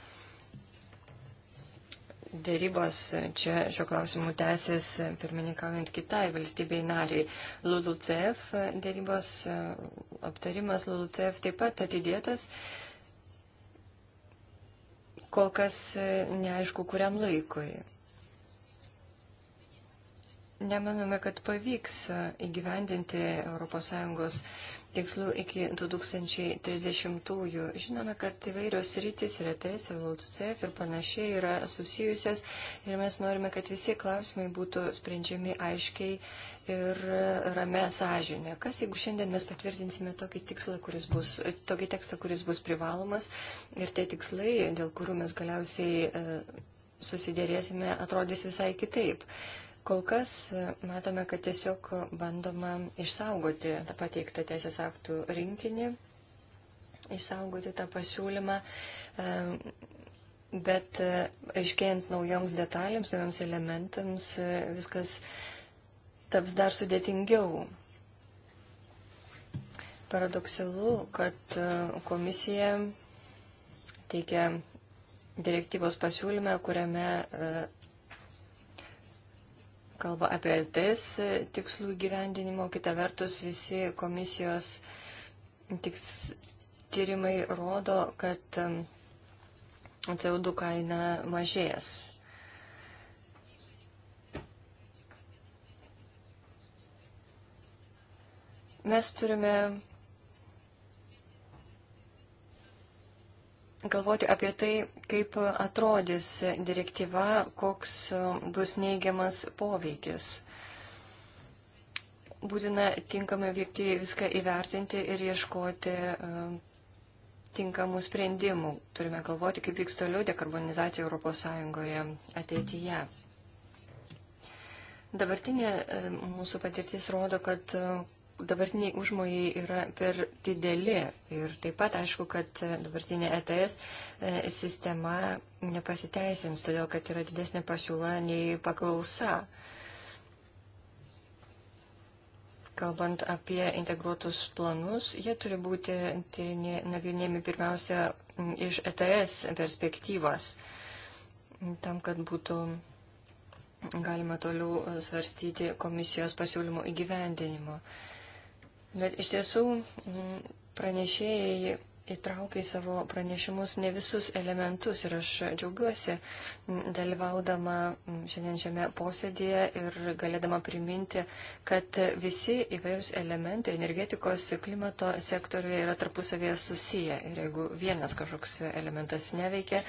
Dėrybos čia šio klausimu tęsis pirmininkaujant kitai valstybei nariai. LULUCF dėrybos aptarimas LULUCF taip pat atidėtas. Kol kas neaišku, kuriam laikui. Nemanome, kad pavyks įgyvendinti ES tikslų iki 2030-ųjų. Žinome, kad įvairios rytis yra teisė, LULCF ir panašiai yra susijusios ir mes norime, kad visi klausimai būtų sprendžiami aiškiai ir rame sąžinė. Kas jeigu šiandien mes patvirtinsime tokį, tikslą, kuris bus, tokį tekstą, kuris bus privalomas ir tie tikslai, dėl kurių mes galiausiai e, susidėrėsime, atrodys visai kitaip. Uh, Kol kas e, matome, kad tiesiog bandoma išsaugoti tą pateiktą teisės aktų rinkinį, išsaugoti tą pasiūlymą. E, bet e, aiškėjant naujoms detalėms, naujoms elementams, viskas taps dar sudėtingiau. Paradoksalu, kad komisija teikia direktyvos pasiūlymę, kuriame kalba apie LTS e tikslų gyvendinimo, kita vertus visi komisijos tiks, tyrimai rodo, kad um, CO2 kaina mažės. Mes turime galvoti apie tai, kaip atrodys direktyva, koks bus neigiamas poveikis. Būtina tinkamai objektyviai viską įvertinti ir ieškoti e, tinkamų sprendimų. Turime galvoti, kaip vyks toliau dekarbonizacija ES ateityje. Dabartinė e, mūsų patirtis rodo, kad e, dabartiniai užmojai yra per dideli. Ir taip pat aišku, kad dabartinė ETS e, sistema nepasiteisins, todėl kad yra didesnė pasiūla nei paklausa. Kalbant apie integruotus planus, jie turi būti nagrinėjami pirmiausia iš ETS perspektyvos, tam, kad būtų galima toliau svarstyti komisijos pasiūlymų įgyvendinimo. Bet iš tiesų pranešėjai įtraukia į savo pranešimus ne visus elementus ir aš džiaugiuosi dalyvaudama šiandien šiame posėdėje ir galėdama priminti, kad visi įvairius elementai energetikos klimato sektoriuje yra tarpusavėje susiję ir jeigu vienas kažkoks elementas neveikia,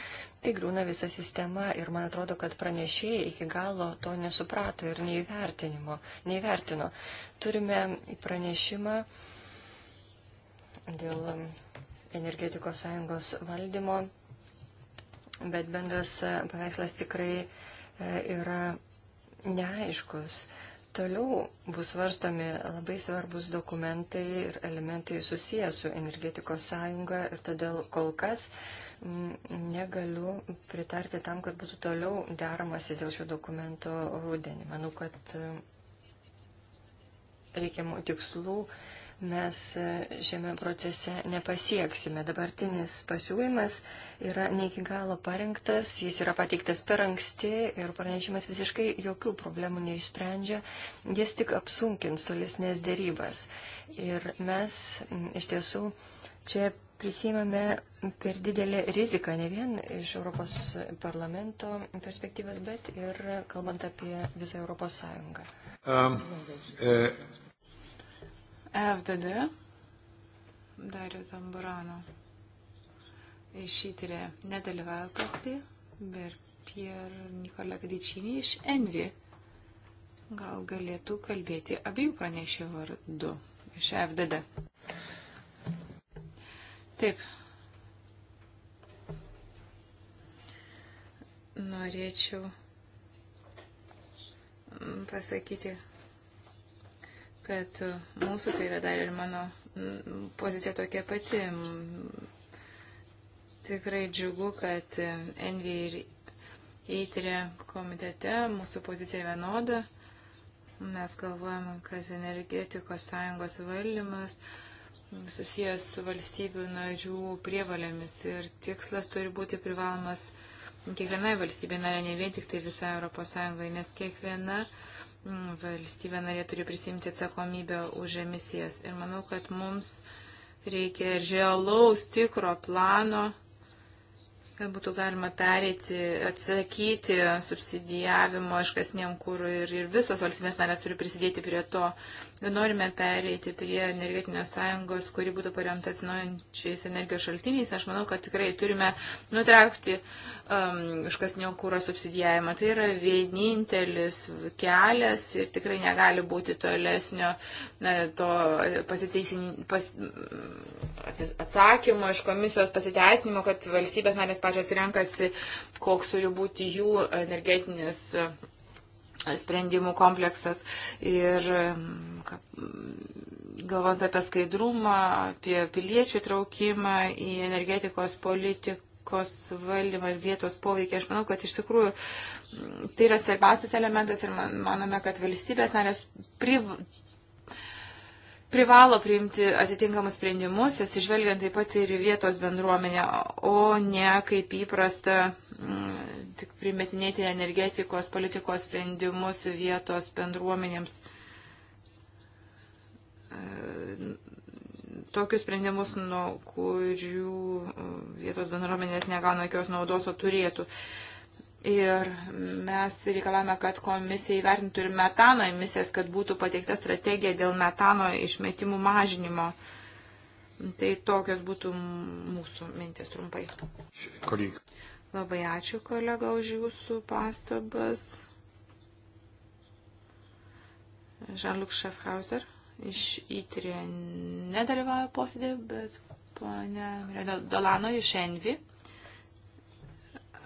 tai grūna visa sistema ir man atrodo, kad pranešėjai iki galo to nesuprato ir neįvertino. Turime pranešimą dėl energetikos sąjungos valdymo, bet bendras e, paveikslas tikrai e, yra neaiškus. Toliau bus varstomi labai svarbus dokumentai ir elementai susijęs su energetikos sąjunga ir todėl kol kas negaliu pritarti tam, kad būtų toliau deramasi dėl šio dokumento rūdienį. Manau, kad e, reikiamų tikslų uh, mes e, šiame procese nepasieksime. Dabartinis pasiūlymas yra ne iki galo parengtas, jis yra pateiktas per anksti ir pranešimas visiškai jokių problemų neišsprendžia, jis tik apsunkins tolesnės dėrybas. Ir mes iš tiesų čia prisimame per didelę riziką, ne vien iš Europos parlamento perspektyvos, bet ir kalbant apie visą Europos Sąjungą. Um, uh, FDD Dario Tamburano iš įtyrė nedalyvavo paskui, bet Pier Nikola Gadičinį iš Envi. Gal galėtų kalbėti abiejų pranešėjų vardu iš FDD. Taip. Norėčiau pasakyti, kad mūsų tai yra dar ir mano pozicija tokia pati. Tikrai džiugu, kad Envy ir Eitrė komitete mūsų pozicija vienoda. Mes galvojame, kad energetikos sąjungos valdymas susijęs su valstybių narių prievalėmis ir tikslas turi būti privalomas kiekvienai valstybė narė, ne vien tik tai visai Europos Sąjungai, nes kiekviena uh, Mm, valstybė narė turi prisimti atsakomybę už emisijas. Ir manau, kad mums reikia realaus, tikro plano, kad būtų galima perėti, atsakyti subsidijavimo iškasniam kūrui ir, ir visos valstybės narės turi prisidėti prie to norime pereiti prie energetinės sąjungos, kuri būtų paremta atsinaujančiais energijos šaltiniais, aš manau, kad tikrai turime nutraukti um, iškasnio kūro subsidijavimą. Tai yra vienintelis kelias ir tikrai negali būti tolesnio na, to pasiteisin, pas, atsakymo iš komisijos pasiteisinimo, kad valstybės narės pačios renkasi, koks turi būti jų energetinis sprendimų kompleksas. Ir mm, galvant apie skaidrumą, apie piliečių traukimą į energetikos politikos valdymą ir vietos poveikį, aš manau, kad iš tikrųjų mm, tai yra svarbiausias elementas ir manome, kad valstybės narės priv privalo priimti atitinkamus sprendimus, atsižvelgiant taip pat ir vietos bendruomenę, o ne kaip įprasta mm, tik primetinėti energetikos politikos sprendimus vietos bendruomenėms. E, tokius sprendimus, nuo kurių e, vietos bendruomenės negauna jokios naudos, o turėtų. Ir mes reikalame, kad komisija įvertintų ir metano emisijas, kad būtų pateikta strategija dėl metano išmetimų mažinimo. Tai tokios būtų mūsų mintis trumpai. Kolik. Labai ačiū kolega už jūsų pastabas. Žanluk Šefhauser iš Įtrė nedalyvavo posėdė, bet pane Dolano iš Envi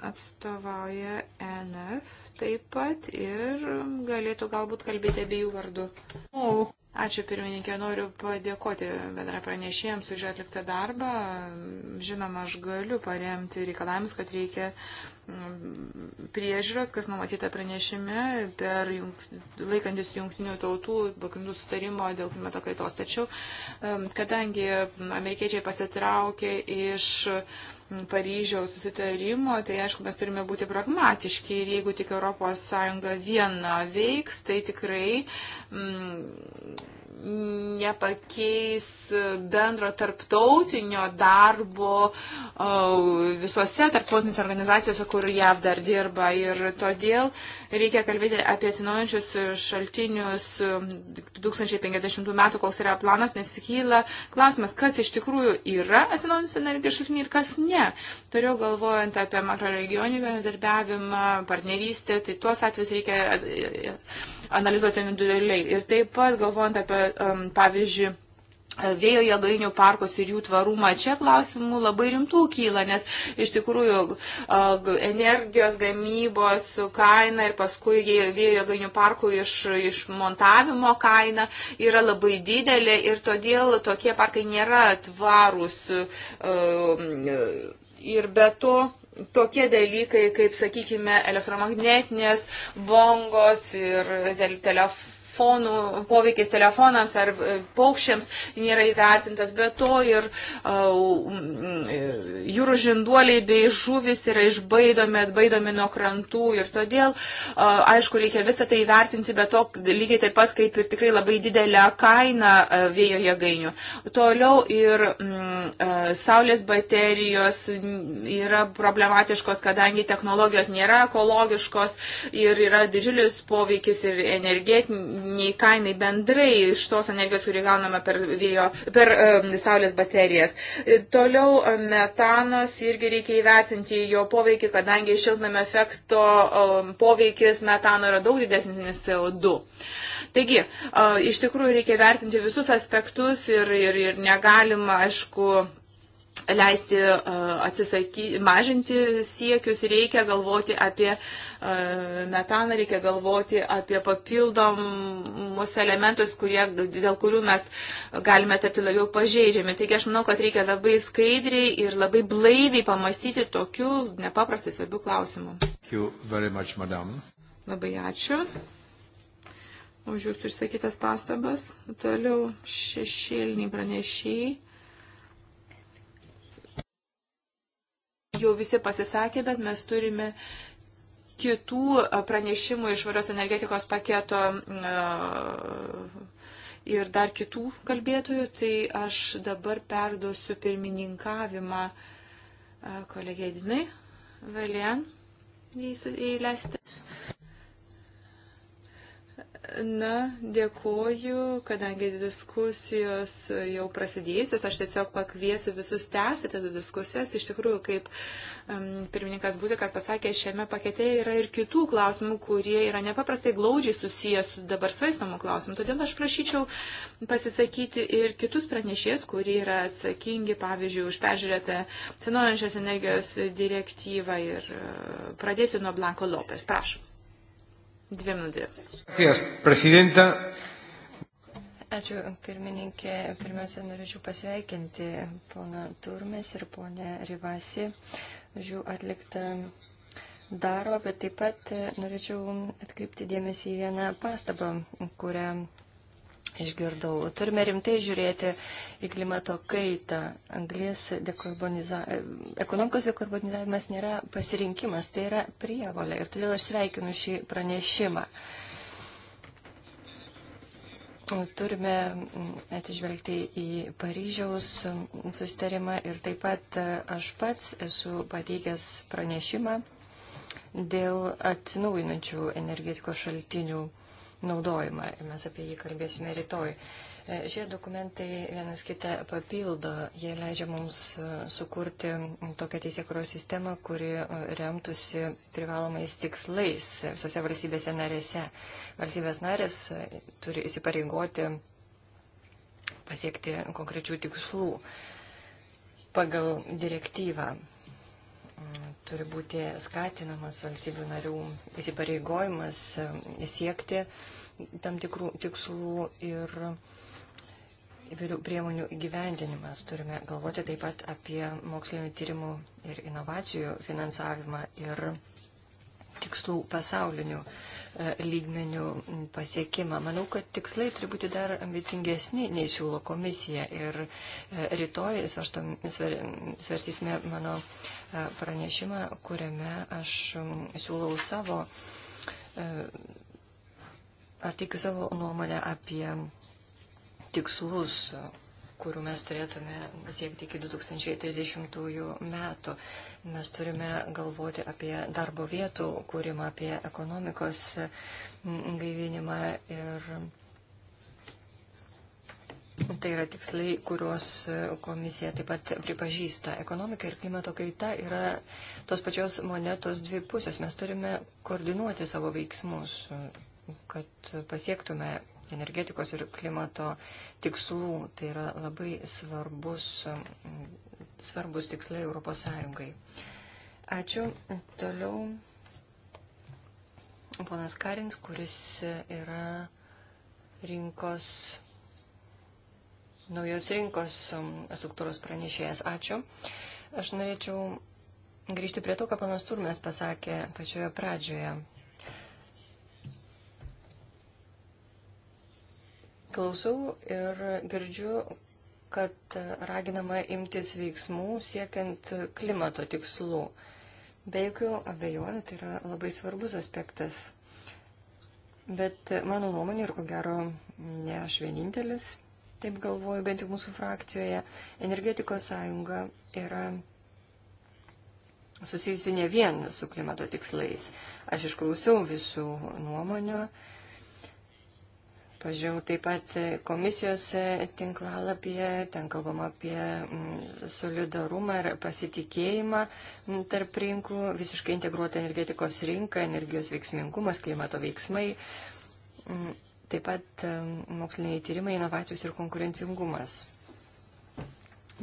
atstovauja NF taip pat ir galėtų galbūt kalbėti abiejų vardu. Oh. Ačiū pirmininkė, noriu padėkoti bendra pranešėjams už atliktą darbą. Žinoma, aš galiu paremti reikalavimus, kad reikia priežiūros, kas numatyta pranešime, per jung, laikantis jungtinių tautų pagrindų sutarimo dėl klimato kaitos. Tačiau, kadangi amerikiečiai pasitraukė iš Paryžiaus susitarimo, tai aišku, mes turime būti pragmatiški ir jeigu tik ES viena veiks, tai tikrai. Mm, nepakeis bendro tarptautinio darbo visuose tarptautinėse organizacijose, kur JAV dar dirba. Ir todėl reikia kalbėti apie atsinaujančius šaltinius 2050 metų, koks yra planas, nes kyla klausimas, kas iš tikrųjų yra atsinaujantis energijos šaltiniai ir kas ne. Turiu galvojant apie makroregionį bendradarbiavimą, partnerystę, tai tuos atvejus reikia analizuoti individualiai. Ir taip pat galvojant apie, um, pavyzdžiui, vėjo jėgainių parkus ir jų tvarumą. Čia klausimų labai rimtų kyla, nes iš tikrųjų uh, energijos gamybos kaina ir paskui vėjo jėgainių parkų iš, išmontavimo kaina yra labai didelė ir todėl tokie parkai nėra tvarūs. Uh, ir be to tokie dalykai, kaip, sakykime, elektromagnetinės bangos ir telefonai telefonų, poveikis telefonams ar e, paukščiams nėra įvertintas, bet to ir e, jūrų žinduoliai bei žuvis yra išbaidomi, atbaidomi nuo krantų ir todėl, e, aišku, reikia visą tai įvertinti, bet to lygiai taip pat kaip ir tikrai labai didelę kainą vėjo jėgainių. Toliau ir m, saulės baterijos yra problematiškos, kadangi technologijos nėra ekologiškos ir yra didžiulis poveikis ir energetinė nei kainai bendrai iš tos energijos, kurį gauname per, vėjo, per um, saulės baterijas. E, toliau e, metanas irgi reikia įvertinti jo poveikį, kadangi šiltnamio efekto um, poveikis metano yra daug didesnis nei CO2. Taigi, uh, iš tikrųjų reikia vertinti visus aspektus ir, ir, ir negalima, aišku, leisti e, atsisakyti, mažinti siekius, reikia galvoti apie e, metaną, reikia galvoti apie papildomus elementus, kurie, dėl kurių mes galime tapti labiau pažeidžiami. Taigi aš manau, kad reikia labai skaidriai ir labai blaiviai pamastyti tokių nepaprastai svarbių klausimų. Much, madam. labai ačiū už jūsų išsakytas pastabas. Toliau šešėliniai pranešiai. jau visi pasisakė, bet mes turime kitų pranešimų iš švarios energetikos paketo ir dar kitų kalbėtojų, tai aš dabar perduosiu pirmininkavimą kolegė Dinai Valien, jei leisite. Na, dėkoju, kadangi diskusijos jau prasidėjusios, aš tiesiog pakviesiu visus tęsti tas diskusijas. Iš tikrųjų, kaip um, pirmininkas Buzikas pasakė, šiame pakete yra ir kitų klausimų, kurie yra nepaprastai glaudžiai susijęs su dabar svaistamu klausimu. Todėl aš prašyčiau pasisakyti ir kitus pranešės, kurie yra atsakingi, pavyzdžiui, už peržiūrėtą senojančios energijos direktyvą ir uh, pradėsiu nuo Blanko Lopes. Prašom. Dvi minutės. Gracias, prezidenta. Ačiū, pirmininkė. Pirmiausia, norėčiau pasveikinti poną Turmes ir ponę Rivasi už jų atliktą darbą, bet taip pat norėčiau atkreipti dėmesį į vieną pastabą, kurią išgirdau. Turime rimtai žiūrėti į klimato kaitą. Anglės dekarboniza... ekonomikos dekarbonizavimas nėra pasirinkimas, tai yra prievalė. Ir todėl aš sveikinu šį pranešimą. Turime atsižvelgti į Paryžiaus susitarimą ir taip pat aš pats esu pateikęs pranešimą dėl atsinaujinančių energetikos šaltinių naudojimą. Mes apie jį kalbėsime rytoj. E, šie dokumentai vienas kitą papildo, jie leidžia mums e, sukurti tokią teisėkuros sistemą, kuri e, remtųsi privalomais tikslais visose valstybėse narėse. Valstybės narės turi įsipareigoti pasiekti konkrečių tikslų pagal direktyvą. Mm, turi būti skatinamas valstybių narių įsipareigojimas siekti tam tikrų tikslų ir įvairių priemonių įgyvendinimas. Turime galvoti taip pat apie mokslinio tyrimų ir inovacijų finansavimą ir tikslų pasaulinių e, lygmenių pasiekimą. Manau, kad tikslai turi būti dar ambicingesni nei siūlo komisija. Ir e, rytoj svarstysime mano e, pranešimą, kuriame aš siūlau savo Pateikiu savo nuomonę apie tikslus, kurių mes turėtume siekti iki 2030 metų. Mes turime galvoti apie darbo vietų kūrimą, apie ekonomikos gaivinimą ir Tai yra tikslai, kuriuos komisija taip pat pripažįsta. Ekonomika ir klimato kaita yra tos pačios monetos dvi pusės. Mes turime koordinuoti savo veiksmus kad pasiektume energetikos ir klimato tikslų. Tai yra labai svarbus, svarbus tikslai Europos Sąjungai. Ačiū. Toliau ponas Karins, kuris yra rinkos, naujos rinkos struktūros pranešėjas. Ačiū. Aš norėčiau grįžti prie to, ką panas Turmes pasakė pačioje pradžioje. Klausau ir girdžiu, kad raginama imtis veiksmų siekiant klimato tikslų. Be jokių abejonių tai yra labai svarbus aspektas. Bet mano nuomonė ir ko gero ne aš vienintelis, taip galvoju, bent jau mūsų frakcijoje, energetikos sąjunga yra susijusi ne vien su klimato tikslais. Aš išklausiau visų nuomonių Pažiūrėjau taip pat komisijos tinklalapyje, ten kalbama apie mm, solidarumą ir pasitikėjimą mm, tarp rinkų, visiškai integruota energetikos rinka, energijos veiksmingumas, klimato veiksmai, mm, taip pat moksliniai tyrimai, inovacijos ir konkurencingumas.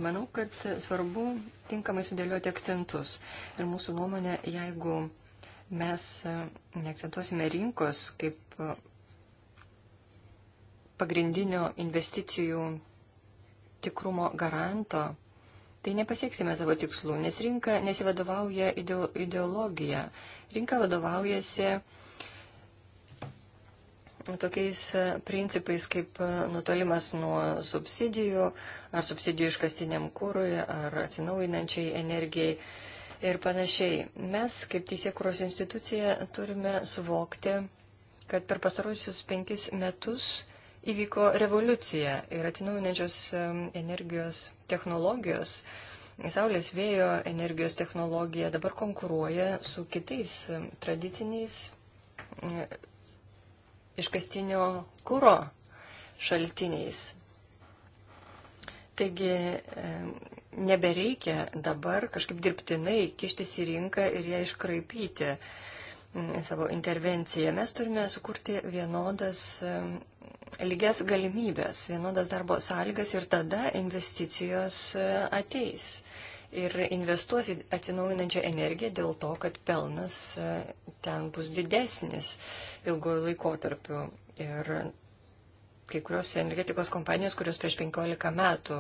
Manau, kad svarbu tinkamai sudėlioti akcentus. Ir mūsų nuomonė, jeigu mes neakcentuosime rinkos kaip pagrindinio investicijų tikrumo garanto, tai nepasieksime savo tikslų, nes rinka nesivadovauja ideologija. Rinka vadovaujasi tokiais principais kaip nutolimas nuo subsidijų, ar subsidijų iškastiniam kūrui, ar atsinaujinančiai energijai ir panašiai. Mes, kaip Teisėkuros institucija, turime suvokti, kad per pastarusius penkis metus įvyko revoliucija ir atsinaujinančios energijos technologijos, saulės vėjo energijos technologija dabar konkuruoja su kitais tradiciniais iškastinio kūro šaltiniais. Taigi nebereikia dabar kažkaip dirbtinai kištis į rinką ir ją iškraipyti savo intervenciją. Mes turime sukurti vienodas lygias galimybės, vienodas darbo sąlygas ir tada investicijos e, ateis. Ir investuos į atsinaujinančią energiją dėl to, kad pelnas e, ten bus didesnis ilgojo laikotarpiu. Ir kai kurios energetikos kompanijos, kurios prieš 15 metų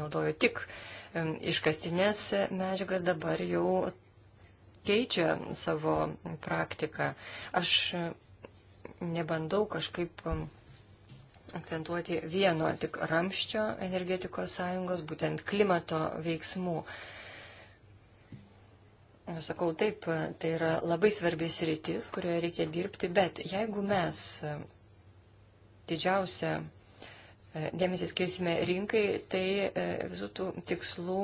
naudojo tik e, iškastinės medžiagas, dabar jau keičia savo praktiką. Aš nebandau kažkaip akcentuoti vieno tik ramščio energetikos sąjungos, būtent klimato veiksmų. Aš sakau, taip, tai yra labai svarbis rytis, kurioje reikia dirbti, bet jeigu mes e, didžiausią e, dėmesį skirsime rinkai, tai e, visų tų tikslų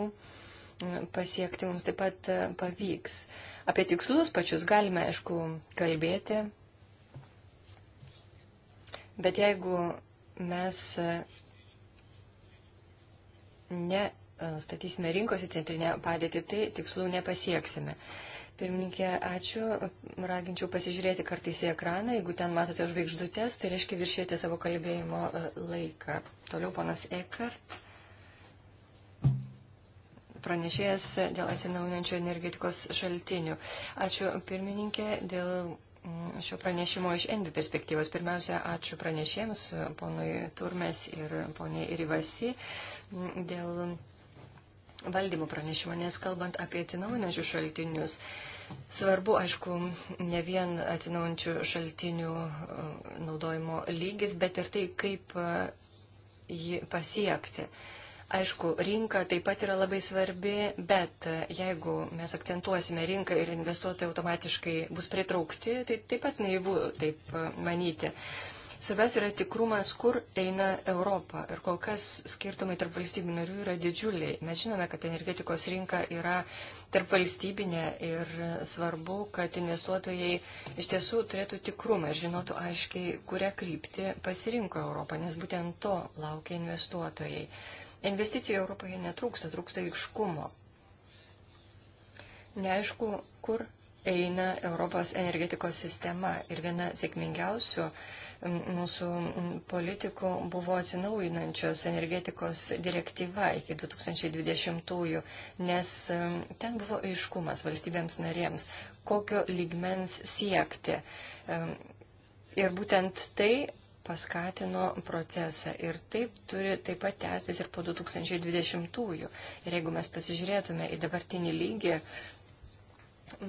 pasiekti mums taip pat pavyks. Apie tikslus pačius galime, aišku, kalbėti, bet jeigu mes e, nestatysime e, rinkos į centrinę padėtį, tai tikslų nepasieksime. Pirmininkė, ačiū. Raginčiau pasižiūrėti kartais į ekraną. Jeigu ten matote žvaigždutės, tai reiškia viršėti savo kalbėjimo e, laiką. Toliau ponas Ekart. Pranešėjas dėl atsinaujinančių energetikos šaltinių. Ačiū pirmininkė dėl šio pranešimo iš Endi perspektyvos. Pirmiausia, ačiū pranešėjams, ponui Turmes ir poniai Rivasi, dėl valdymo pranešimo, nes kalbant apie atsinaujinančius šaltinius, svarbu, aišku, ne vien atsinaujinančių šaltinių e, naudojimo lygis, bet ir tai, kaip e, jį pasiekti. Aišku, rinka taip pat yra labai svarbi, bet jeigu mes akcentuosime rinką ir investuotojai automatiškai bus pritraukti, tai taip pat naivu taip manyti. Savęs yra tikrumas, kur eina Europa. Ir kol kas skirtumai tarp valstybių narių yra didžiuliai. Mes žinome, kad energetikos rinka yra tarp valstybinė ir svarbu, kad investuotojai iš tiesų turėtų tikrumą ir žinotų aiškiai, kurią kryptį pasirinko Europą, nes būtent to laukia investuotojai. Investicijų Europoje netrūksta, trūksta aiškumo. Neaišku, kur eina Europos energetikos sistema. Ir viena sėkmingiausių mūsų politikų buvo atsinaujinančios energetikos direktyva iki 2020-ųjų, nes ten buvo aiškumas valstybėms narėms, kokio lygmens siekti. Ir būtent tai paskatino procesą ir taip turi taip pat tęstis ir po 2020-ųjų. Ir jeigu mes pasižiūrėtume į dabartinį lygį,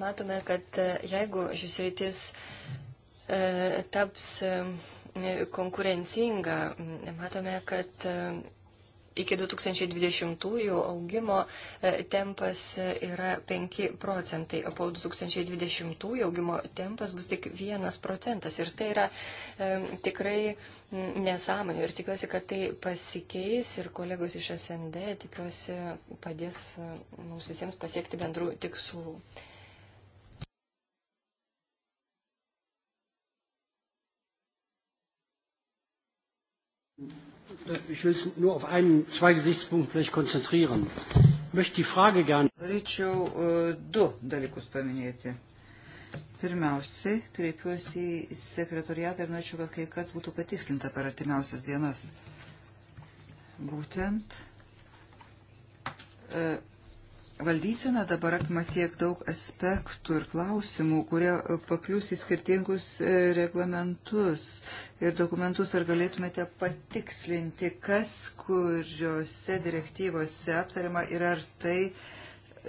matome, kad e, jeigu šis rytis e, taps e, konkurencinga, matome, kad e, iki 2020-ųjų augimo e, tempas e, yra 5 procentai, o po 2020-ųjų augimo tempas bus tik 1 procentas. Ir tai yra e, tikrai nesąmonė. Ir tikiuosi, kad tai pasikeis ir kolegos iš SND tikiuosi padės e, mums visiems pasiekti bendrų tikslų. Äh, ich will es nur auf einen, zwei Gesichtspunkte vielleicht konzentrieren. Möchte die Frage gern. Norėčiau uh, du dalykus paminėti. Pirmiausiai, kreipiuosi į sekretoriatą ir norėčiau, kad kai kas būtų patikslinta per artimiausias dienas. Būtent uh, Valdysena dabar apima tiek daug aspektų ir klausimų, kurie e, paklius į skirtingus e, reglamentus ir dokumentus. Ar galėtumėte patikslinti, kas kuriuose direktyvose aptariama ir ar tai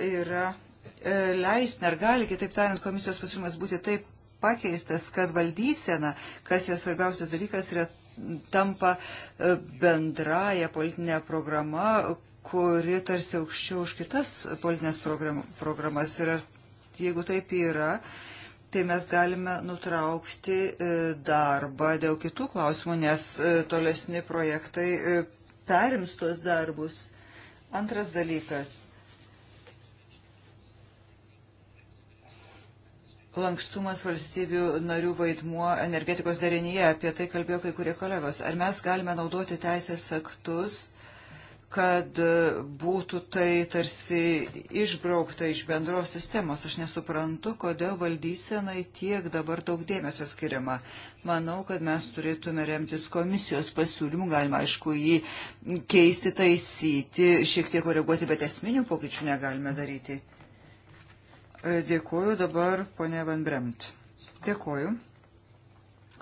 yra e, leistina, ar gali, kitaip tariant, komisijos pasiūlymas būti taip pakeistas, kad valdysena, kas jos svarbiausias dalykas, yra tampa bendraja politinė programa, kuri tarsi aukščiau už kitas politinės programas. Ir jeigu taip yra, tai mes galime nutraukti e, darbą dėl kitų klausimų, nes e, tolesni projektai e, perims tuos darbus. Antras dalykas. Lankstumas valstybių narių vaidmuo energetikos darinyje, apie tai kalbėjo kai kurie kolegos. Ar mes galime naudoti teisės aktus kad būtų tai tarsi išbraukta iš bendros sistemos. Aš nesuprantu, kodėl valdysenai tiek dabar daug dėmesio skiriama. Manau, kad mes turėtume remtis komisijos pasiūlymų, galima aišku jį keisti, taisyti, šiek tiek koreguoti, bet esminių pokyčių negalime daryti. E, dėkuoju dabar ponė Van Bremt. Dėkuoju.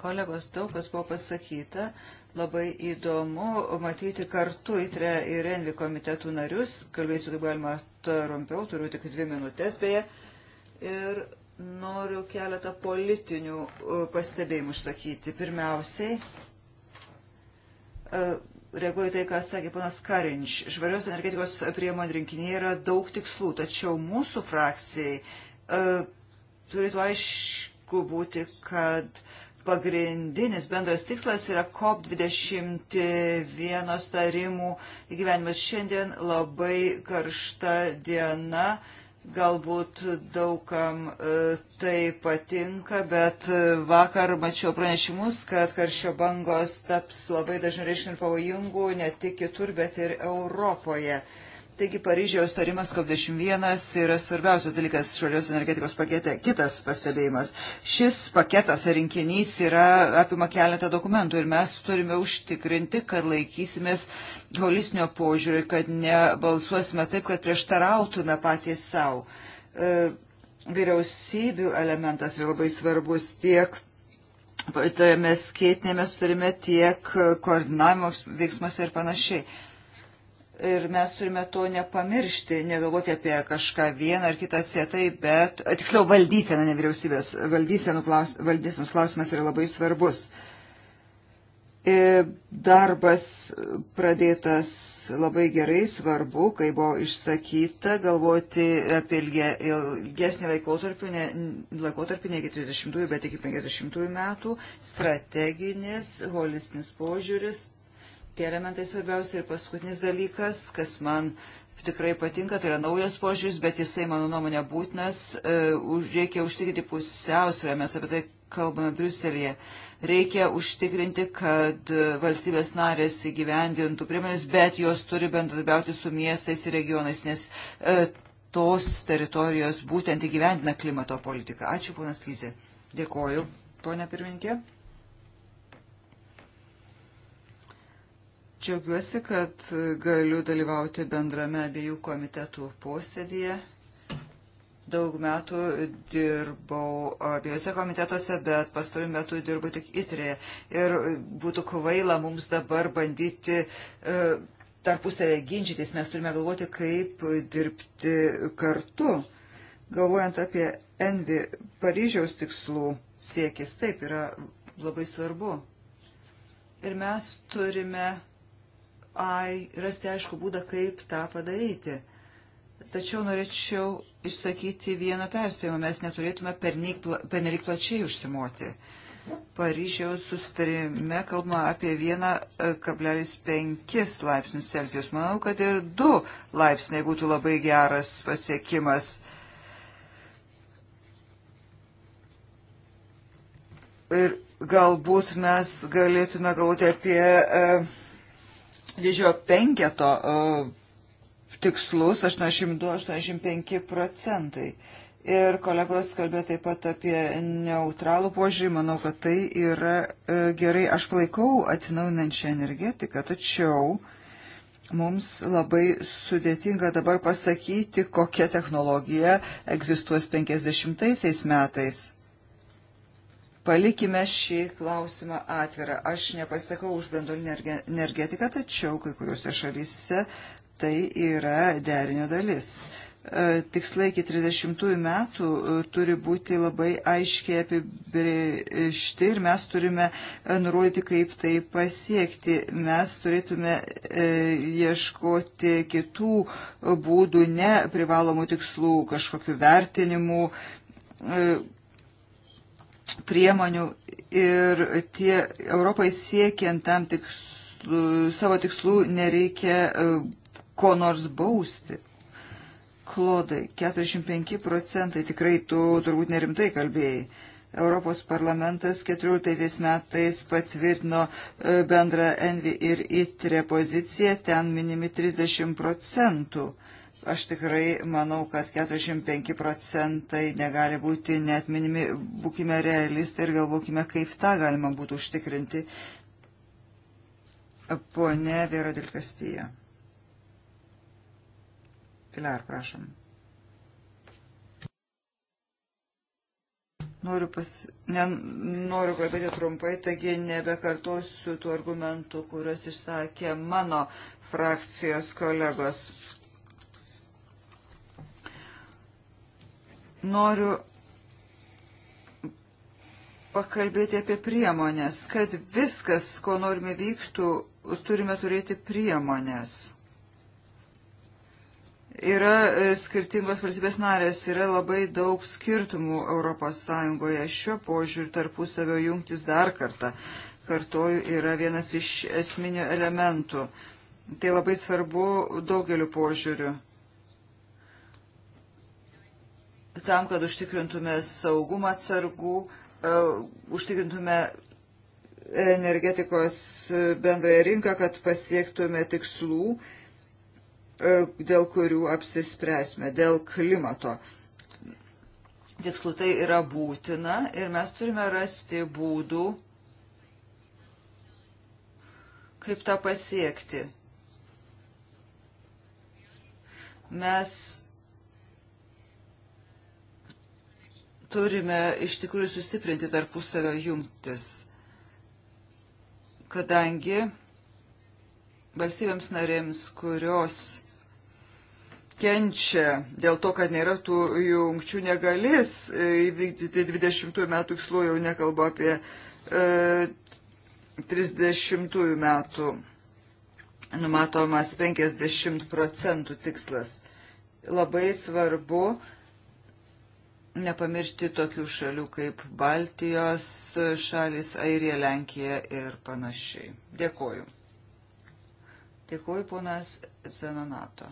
Kolegos, daug kas buvo pasakyta labai įdomu matyti kartu ITRE ir ENVI komitetų narius. Kalbėsiu kaip galima trumpiau, turiu tik dvi minutės beje. Ir noriu keletą politinių e, pastebėjimų išsakyti. Pirmiausiai, e, reaguoju tai, ką sakė ponas Karinč, švarios energetikos priemonių rinkinėje yra daug tikslų, tačiau mūsų frakcijai e, turėtų aišku būti, kad pagrindinis bendras tikslas yra COP21 tarimų įgyvenimas. Šiandien labai karšta diena, galbūt daugam e, tai patinka, bet e, vakar mačiau pranešimus, kad karščio bangos taps labai dažnai reiškiniu pavojingu ne tik kitur, bet ir Europoje. Taigi Paryžiaus tarimas COP21 yra svarbiausias dalykas švarios energetikos pakete. Kitas pastebėjimas. Šis paketas ar rinkinys yra apima keletą dokumentų ir mes turime užtikrinti, kad laikysimės holisnio požiūrį, kad nebalsuosime taip, kad prieštarautume patys savo. E, vyriausybių elementas yra labai svarbus tiek tame skėtinėme sutarime, tiek koordinavimo veiksmuose ir panašiai. Ir mes turime to nepamiršti, negalvoti apie kažką vieną ar kitą sėtai, bet, tiksliau, valdysena, ne vyriausybės, klaus, valdysenos klausimas yra labai svarbus. E, darbas pradėtas labai gerai, svarbu, kai buvo išsakyta, galvoti apie ilgė, ilgesnį laikotarpį, ne, laikotarpį ne iki 30-ųjų, bet iki 50-ųjų metų, strateginis, holistinis požiūris, tie elementai svarbiausia. Ir paskutinis dalykas, kas man tikrai patinka, tai yra naujas požiūris, bet jisai, mano nuomonė, būtinas. E, reikia užtikrinti pusiausvę, mes apie tai kalbame Briuselėje. Reikia užtikrinti, kad valstybės narės įgyvendintų priemonės, bet jos turi bendradarbiauti su miestais ir regionais, nes e, tos teritorijos būtent įgyvendina klimato politiką. Ačiū, ponas Lyzė. Dėkoju, ponia pirminkė. Džiaugiuosi, kad galiu dalyvauti bendrame abiejų komitetų posėdėje. Daug metų dirbau abiejose komitetuose, bet pastaruoju metu dirbu tik įtrėje. Ir būtų kvaila mums dabar bandyti e, tarpusavę ginčytis. Mes turime galvoti, kaip dirbti kartu. Galvojant apie Envi Paryžiaus tikslų siekis, taip yra labai svarbu. Ir mes turime ai, rasti aišku būdą, kaip tą padaryti. Tačiau norėčiau išsakyti vieną perspėjimą. Mes neturėtume pernelyg plačiai užsimoti. Paryžiaus sustarime kalbama apie 1,5 e, laipsnius Celsius. Manau, kad ir 2 laipsniai būtų labai geras pasiekimas. Ir galbūt mes galėtume galvoti apie. E, didžiojo penketo tikslus 82-85 procentai. Ir kolegos kalbėjo taip pat apie neutralų požiūrį, manau, kad tai yra e, gerai. Aš palaikau atsinaujinančią energetiką, tačiau mums labai sudėtinga dabar pasakyti, kokia technologija egzistuos 50 metais Palikime šį klausimą atvirą. Aš nepasakau už brandolinę energetiką, tačiau kai kuriuose šalyse tai yra derinio dalis e, tikslai iki 30 metų e, turi būti labai aiškiai apibriežti ir mes turime e, nurodyti, kaip tai pasiekti. Mes turėtume ieškoti kitų būdų, ne privalomų tikslų, kažkokių vertinimų priemonių ir tie Europai siekiant tam tikslų, savo tikslų nereikia e, ko nors bausti. Klodai, 45 procentai, tikrai tu turbūt nerimtai kalbėjai. Europos parlamentas 14 metais patvirtino e, bendrą Envi ir ITRE poziciją, ten minimi 30 procentų. Aš tikrai manau, kad 45 procentai negali būti net minimi. Būkime realistai ir galvokime, kaip tą galima būtų užtikrinti. Pone Vėra Dilkastyje. Pilar, prašom. Noriu, pas, ne, noriu kalbėti trumpai, taigi nebekartosiu tų argumentų, kuriuos išsakė mano frakcijos kolegos Noriu pakalbėti apie priemonės, kad viskas, ko norime vyktų, turime turėti priemonės. Yra e, skirtingos valstybės narės, yra labai daug skirtumų Europos Sąjungoje. Šiuo požiūriu tarpusavio jungtis dar kartą, kartoju, yra vienas iš esminių elementų. Tai labai svarbu daugeliu požiūriu tam, kad užtikrintume saugumą atsargų, e, užtikrintume energetikos bendrąją rinką, kad pasiektume tikslų, e, dėl kurių apsispręsime, dėl klimato. Tikslų tai yra būtina ir mes turime rasti būdų, kaip tą pasiekti. Mes turime iš tikrųjų sustiprinti tarpusavio jungtis, kadangi valstybėms narėms, kurios kenčia dėl to, kad nėra tų jungčių, negalės įvykdyti 20 metų tikslų, jau nekalbu apie e, 30 metų numatomas 50 procentų tikslas. Labai svarbu nepamiršti tokių šalių kaip Baltijos šalis, Airija, Lenkija ir panašiai. Dėkoju. Dėkoju, ponas Zenonato.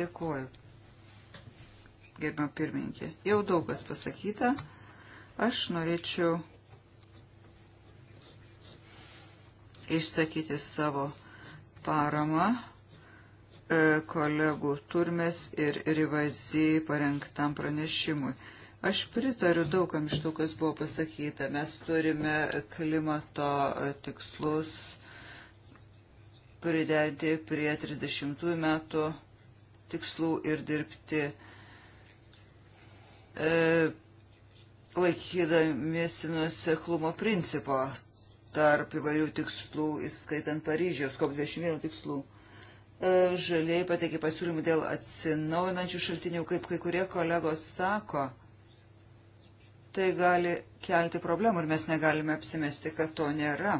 Dėkoju, gerbama pirmininkė. Jau daug kas pasakyta. Aš norėčiau išsakyti savo paramą E, kolegų Turmes ir Rivazy parengtam pranešimui. Aš pritariu daugam iš to, kas buvo pasakyta. Mes turime klimato tikslus priderinti prie 30 metų tikslų ir dirbti e, laikydamiesi nuseklumo principo tarp įvairių tikslų, įskaitant Paryžiaus COP21 tikslų žaliai pateikė pasiūlymų dėl atsinaujinančių šaltinių, kaip kai kurie kolegos sako, tai gali kelti problemų ir mes negalime apsimesti, kad to nėra.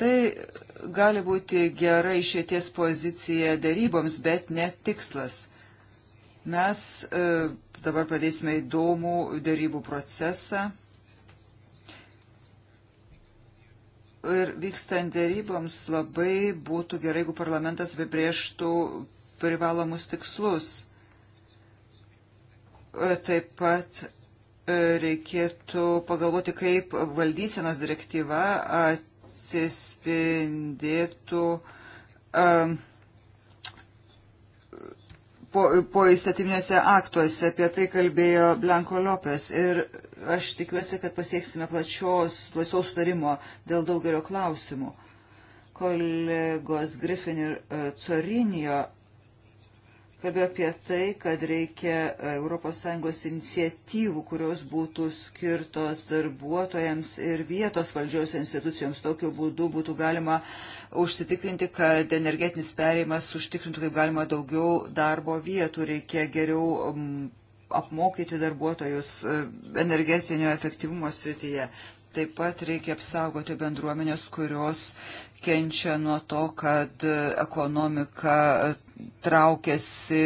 Tai gali būti gera išėties pozicija daryboms, bet ne tikslas. Mes e, dabar pradėsime įdomų darybų procesą. ir vykstant dėryboms labai būtų gerai, jeigu parlamentas apibrieštų privalomus tikslus. E, taip pat e, reikėtų pagalvoti, kaip valdysenos direktyva atsispindėtų um, po, po įstatyminiuose aktuose, apie tai kalbėjo Blanko Lopes ir aš tikiuosi, kad pasieksime plačios, plačios sutarimo dėl daugelio klausimų. Kolegos Griffin ir Corinio e, kalbėjo apie tai, kad reikia ES iniciatyvų, kurios būtų skirtos darbuotojams ir vietos valdžios institucijoms. Tokiu būdu būtų galima užsitikrinti, kad energetinis perėjimas užtikrintų kaip galima daugiau darbo vietų. Reikia geriau apmokyti darbuotojus e, energetinio efektyvumo srityje. Taip pat reikia apsaugoti bendruomenės, kurios kenčia nuo to, kad e, ekonomika traukiasi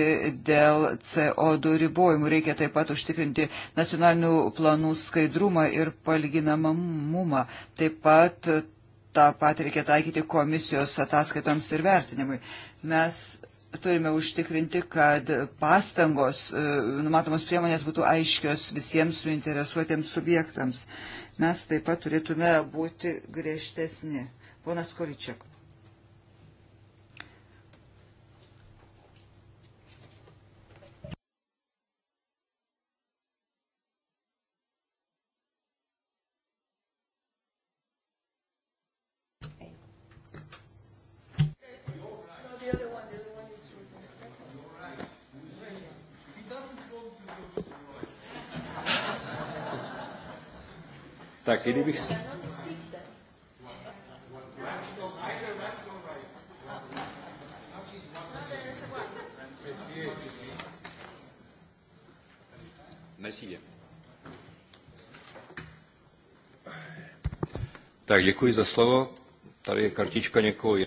dėl CO2 ribojimų. Reikia taip pat užtikrinti nacionalinių planų skaidrumą ir palyginamumą. Taip pat tą pat reikia taikyti komisijos ataskaitoms ir vertinimui. Mes turime užtikrinti, kad pastangos, e, numatomos priemonės būtų aiškios visiems suinteresuotiems subjektams. Mes taip pat turėtume būti griežtesni. Ponas Količiak. Tak, kdybych... Mesíje. Tak, děkuji za slovo. Tady je kartička někoho.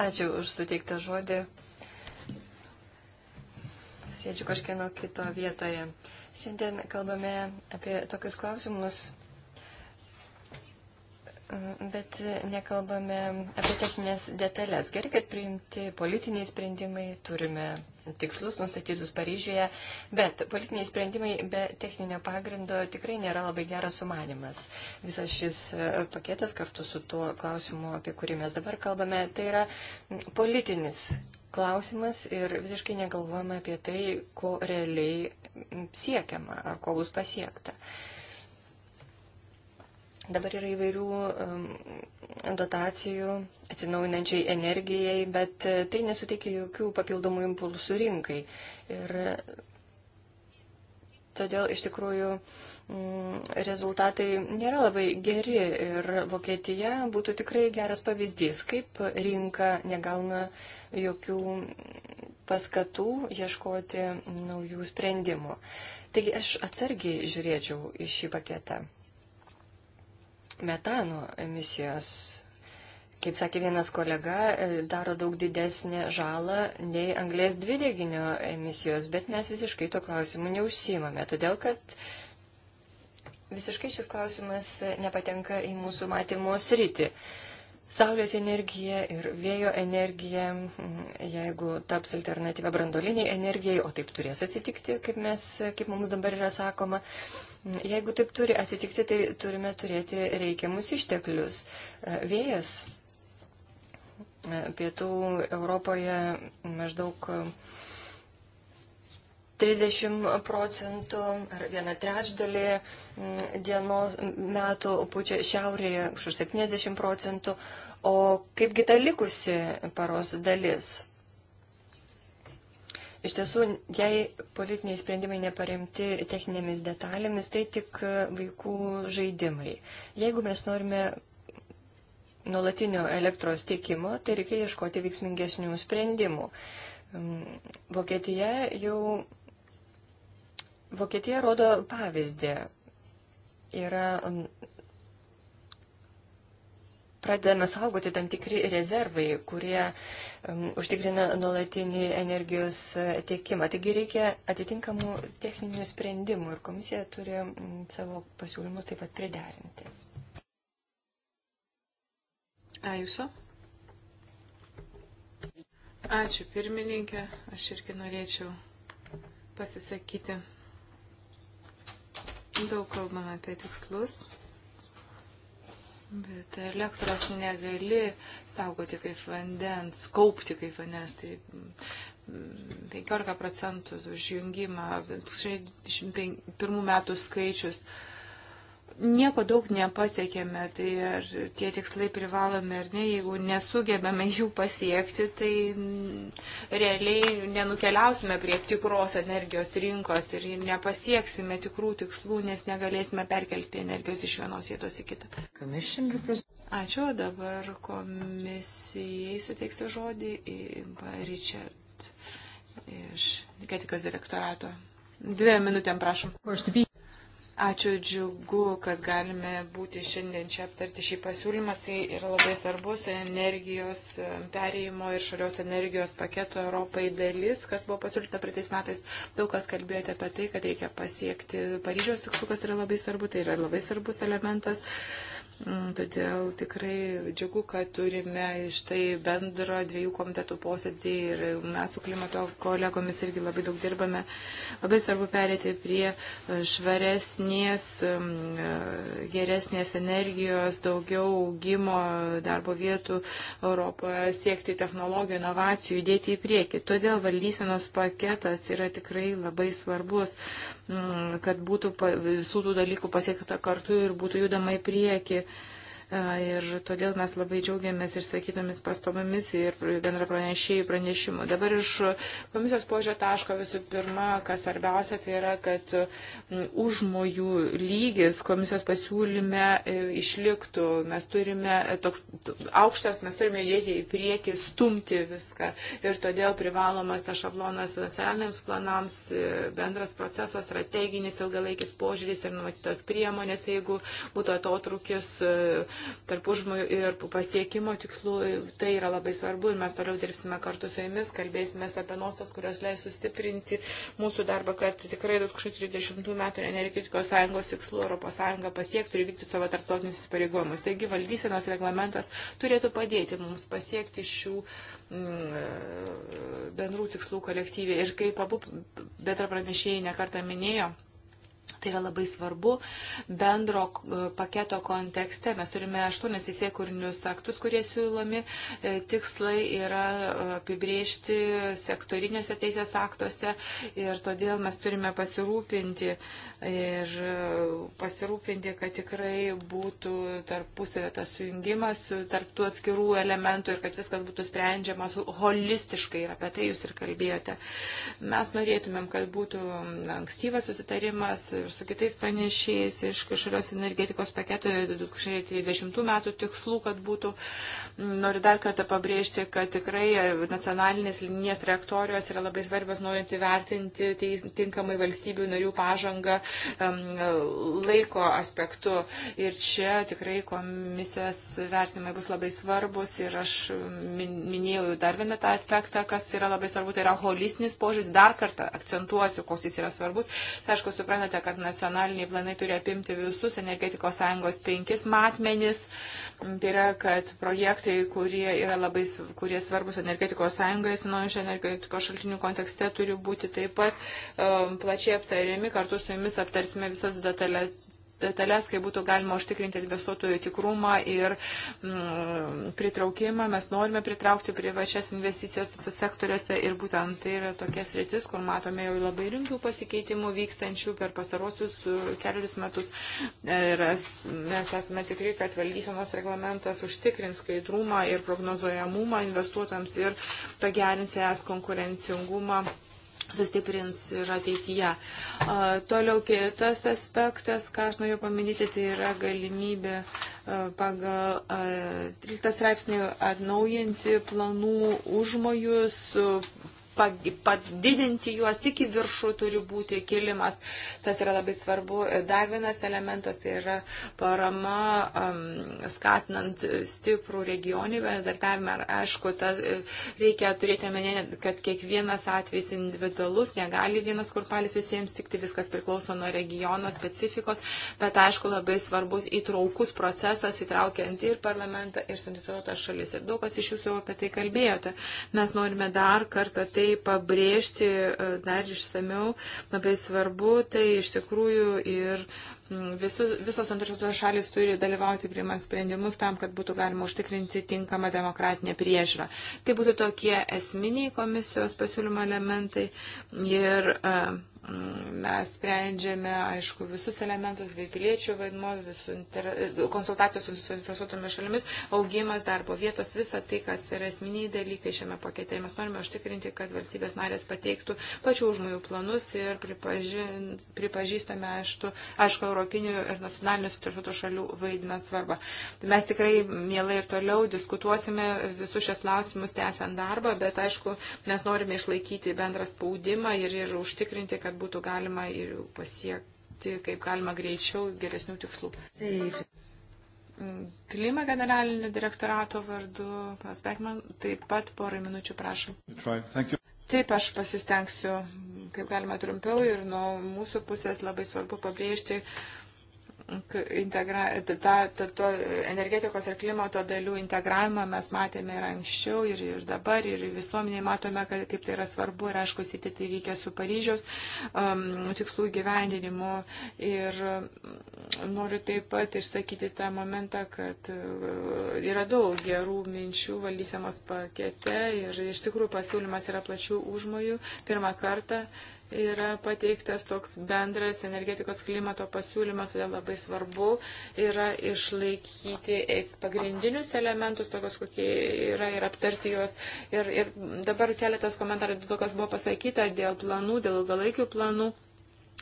Ačiū už suteiktą žodį. Sėdžiu kažkieno kito vietoje. Šiandien kalbame apie tokius klausimus, Bet nekalbame apie techninės detalės. Gerai, kad priimti politiniai sprendimai, turime tikslus nustatytus Paryžiuje, bet politiniai sprendimai be techninio pagrindo tikrai nėra labai geras sumanimas. Visas šis e, paketas kartu su tuo klausimu, apie kurį mes dabar kalbame, tai yra politinis klausimas ir visiškai negalvojame apie tai, ko realiai siekiama ar ko bus pasiekta. Uh, Dabar yra įvairių dotacijų atsinaujinančiai energijai, bet e, tai nesuteikia jokių papildomų impulsų rinkai. Ir todėl iš tikrųjų rezultatai nėra labai geri ir Vokietija būtų tikrai geras pavyzdys, kaip rinka negauna jokių paskatų ieškoti naujų sprendimų. Taigi aš atsargiai žiūrėčiau į šį paketą metano emisijos, kaip sakė vienas kolega, e, daro daug didesnę žalą nei anglės dvideginio emisijos, bet mes visiškai to klausimu neužsimame, todėl kad visiškai šis klausimas nepatenka į mūsų matymo sritį. Uh, saulės energija ir vėjo energija, mm, jeigu taps alternatyva brandoliniai energijai, o taip turės atsitikti, kaip, mes, kaip mums dabar yra sakoma, jeigu taip turi atsitikti, tai turime turėti reikiamus išteklius. Vėjas e, pietų Europoje maždaug 30 procentų ar vieną trečdalį mm, dienos mm, metų pučia šiaurėje, kažkur 70 procentų, o kaipgi ta likusi paros dalis? Iš tiesų, jei politiniai sprendimai neparemti techninėmis detalėmis, tai tik vaikų žaidimai. Jeigu mes norime nuolatinio elektros tiekimo, tai reikia ieškoti veiksmingesnių sprendimų. Mm, Vokietija jau Vokietija rodo pavyzdį. Yra pradedame saugoti tam tikri rezervai, kurie um, užtikrina nuolatinį energijos e, tiekimą. Taigi reikia atitinkamų techninių sprendimų ir komisija turi um, savo pasiūlymus taip pat priderinti. Ajuso. Ačiū pirmininkė, aš irgi norėčiau pasisakyti. Daug kalbame apie tikslus, bet elektros negali saugoti kaip vandens, kaupti kaip vandens. Tai 15 mm, procentų užjungimą, 2001 metų skaičius nieko daug nepasiekėme, tai ar tie tikslai privalomi ar ne, jeigu nesugebame jų pasiekti, tai realiai nenukeliausime prie tikros energijos rinkos ir nepasieksime tikrų tikslų, nes negalėsime perkelti energijos iš vienos vietos į kitą. Ačiū, dabar komisijai suteiksiu žodį į Richard iš energetikos direktorato. Dviem minutėm prašom. Ačiū džiugu, kad galime būti šiandien čia aptarti šį pasiūlymą. Tai yra labai svarbus energijos e, perėjimo ir šalios energijos paketo Europai dalis, kas buvo pasiūlyta praeitais metais. Daug kas kalbėjote apie tai, kad reikia pasiekti Paryžiaus tikslų, kas yra labai svarbu. Tai yra labai svarbus elementas. Uh, Mm, todėl tikrai džiugu, kad turime iš tai bendro dviejų komitetų posėdį ir mes su klimato kolegomis irgi labai daug dirbame. Labai svarbu perėti prie e, švaresnės, mm, e, geresnės energijos, daugiau augimo darbo vietų Europoje, siekti technologijų, inovacijų, judėti į priekį. Todėl valdysenos paketas yra tikrai labai svarbus. Mm, kad būtų visų tų dalykų pasiekta kartu ir būtų judama į priekį. Uh, ir todėl mes labai džiaugiamės išsakytomis pastobomis ir bendra pranešėjų pranešimu. Dabar iš komisijos požio taško visų pirma, kas svarbiausia, tai yra, kad užmojų lygis komisijos pasiūlyme e, išliktų. Mes turime e, toks aukštas, mes turime judėti į priekį, stumti viską. Ir todėl privalomas tas šablonas nacionaliniams planams, e, bendras procesas, strateginis ilgalaikis požiūris ir numatytos priemonės, jeigu būtų atotrukis tarp užmojų ir pasiekimo tikslų. Tai yra labai svarbu ir mes toliau dirbsime kartu su jumis, kalbėsime apie nuostas, kurios leis sustiprinti mūsų darbą, kad tikrai 2030 metų energetikos sąjungos tikslų ES pasiektų ir vykti savo tarptautinius įsipareigojimus. Taigi valdysenos reglamentas turėtų padėti mums pasiekti šių mm, e, bendrų tikslų kolektyviai. Ir kaip abu beta pranešėjai nekartą minėjo, Tai yra labai svarbu bendro e, paketo kontekste. Mes turime aštuonis įsiekūrinius aktus, kurie siūlomi. E, tikslai yra e, apibriežti sektorinėse teisės aktuose ir todėl mes turime pasirūpinti ir pasirūpinti, kad tikrai būtų tarpusavė tas sujungimas tarp tų atskirų elementų ir kad viskas būtų sprendžiamas holistiškai ir apie tai jūs ir kalbėjote. Mes norėtumėm, kad būtų ankstyvas susitarimas ir su kitais pranešėjais iš kažkurios energetikos paketo 2030 metų tikslų, kad būtų. Noriu dar kartą pabrėžti, kad tikrai e, nacionalinės linijos trajektorijos yra labai svarbios, norint įvertinti tinkamai valstybių narių pažangą laiko aspektu. Ir čia tikrai komisijos vertinimai bus labai svarbus. Ir aš minėjau dar vieną tą aspektą, kas yra labai svarbu, tai yra holistinis požiūris. Dar kartą akcentuosiu, koks jis yra svarbus. Tai, aišku, suprantate, kad nacionaliniai planai turi apimti visus energetikos sąjungos penkis matmenis. Tai yra, kad projektai, kurie yra labai kurie svarbus energetikos sąjungai, atsinaujančio energetikos šaltinių kontekste, turi būti taip pat um, plačiai aptariami. Kartu su jumis aptarsime visas detalės detalės, kai būtų galima užtikrinti investuotojų tikrumą ir mm, pritraukimą. Mes norime pritraukti privačias investicijas sektoriuose ir būtent tai yra tokias rytis, kur matome jau labai rimtų pasikeitimų vykstančių per pastarosius e, kelius metus. E, ir mes esame tikri, kad valdysenos reglamentas užtikrins skaidrumą ir prognozuojamumą investuotojams ir pagerins es konkurencingumą sustiprins ir ateityje. Toliau kitas aspektas, ką aš noriu paminėti, tai yra galimybė pagal 13 straipsnį atnaujinti planų užmojus padidinti juos, tik į viršų turi būti kilimas. Tas yra labai svarbu. Dar vienas elementas tai yra parama um, skatinant stiprų regionį bendradarbiavimą. Aišku, ta, reikia turėti omenyje, kad kiekvienas atvejs individualus, negali vienas kurpalis visiems tikti, viskas priklauso nuo regiono specifikos, bet aišku, labai svarbus įtraukus procesas, įtraukiant ir parlamentą, ir suinteresuotas šalis. Ir daug kas iš jūsų jau apie tai kalbėjote. Mes norime dar kartą tai tai pabrėžti e, dar išsamiau. Labai svarbu, tai iš tikrųjų ir visu, visos antrosios šalis turi dalyvauti priimant sprendimus tam, kad būtų galima užtikrinti tinkamą demokratinę priežiūrą. Tai būtų tokie esminiai komisijos pasiūlymo elementai. Ir, uh, Mes sprendžiame, aišku, visus elementus, bei piliečių vaidmo, inter... konsultacijos su suinteresuotomis šalimis, augimas, darbo vietos, visa tai, kas yra esminiai dalykai šiame pakete. Mes norime užtikrinti, kad valstybės narės pateiktų plačių užmojų planus ir pripaži... pripažįstame, aišku, aišku, europinių ir nacionalinių suinteresuotų šalių vaidmens svarbą. Mes tikrai mielai ir toliau diskutuosime visus šios klausimus tęsiant darbą, bet, aišku, mes norime išlaikyti bendrą spaudimą ir, ir užtikrinti, kad kad būtų galima ir pasiekti kaip galima greičiau geresnių tikslų. Safe. Klima generalinio direktorato vardu, pas Bekman, taip pat porai minučių prašom. Taip, aš pasistengsiu, kaip galima trumpiau ir nuo mūsų pusės labai svarbu pabrėžti, integra, ta, ta, ta, energetikos ir klimato dalių integravimą mes matėme ir anksčiau, ir, ir dabar, ir visuomeniai matome, kad, kaip tai yra svarbu, ir aišku, sitėti tai reikia su Paryžiaus um, tikslų gyvendinimu. Ir mm, noriu taip pat išsakyti tą momentą, kad uh, yra daug gerų minčių valdysenos pakete ir iš tikrųjų pasiūlymas yra plačių užmojų. Pirmą kartą. Uh, yra pateiktas toks bendras energetikos klimato pasiūlymas, todėl labai svarbu yra išlaikyti pagrindinius elementus, tokios kokie yra ir aptarti juos. Ir, ir dabar keletas komentarų, kas buvo pasakyta dėl planų, dėl ilgalaikių planų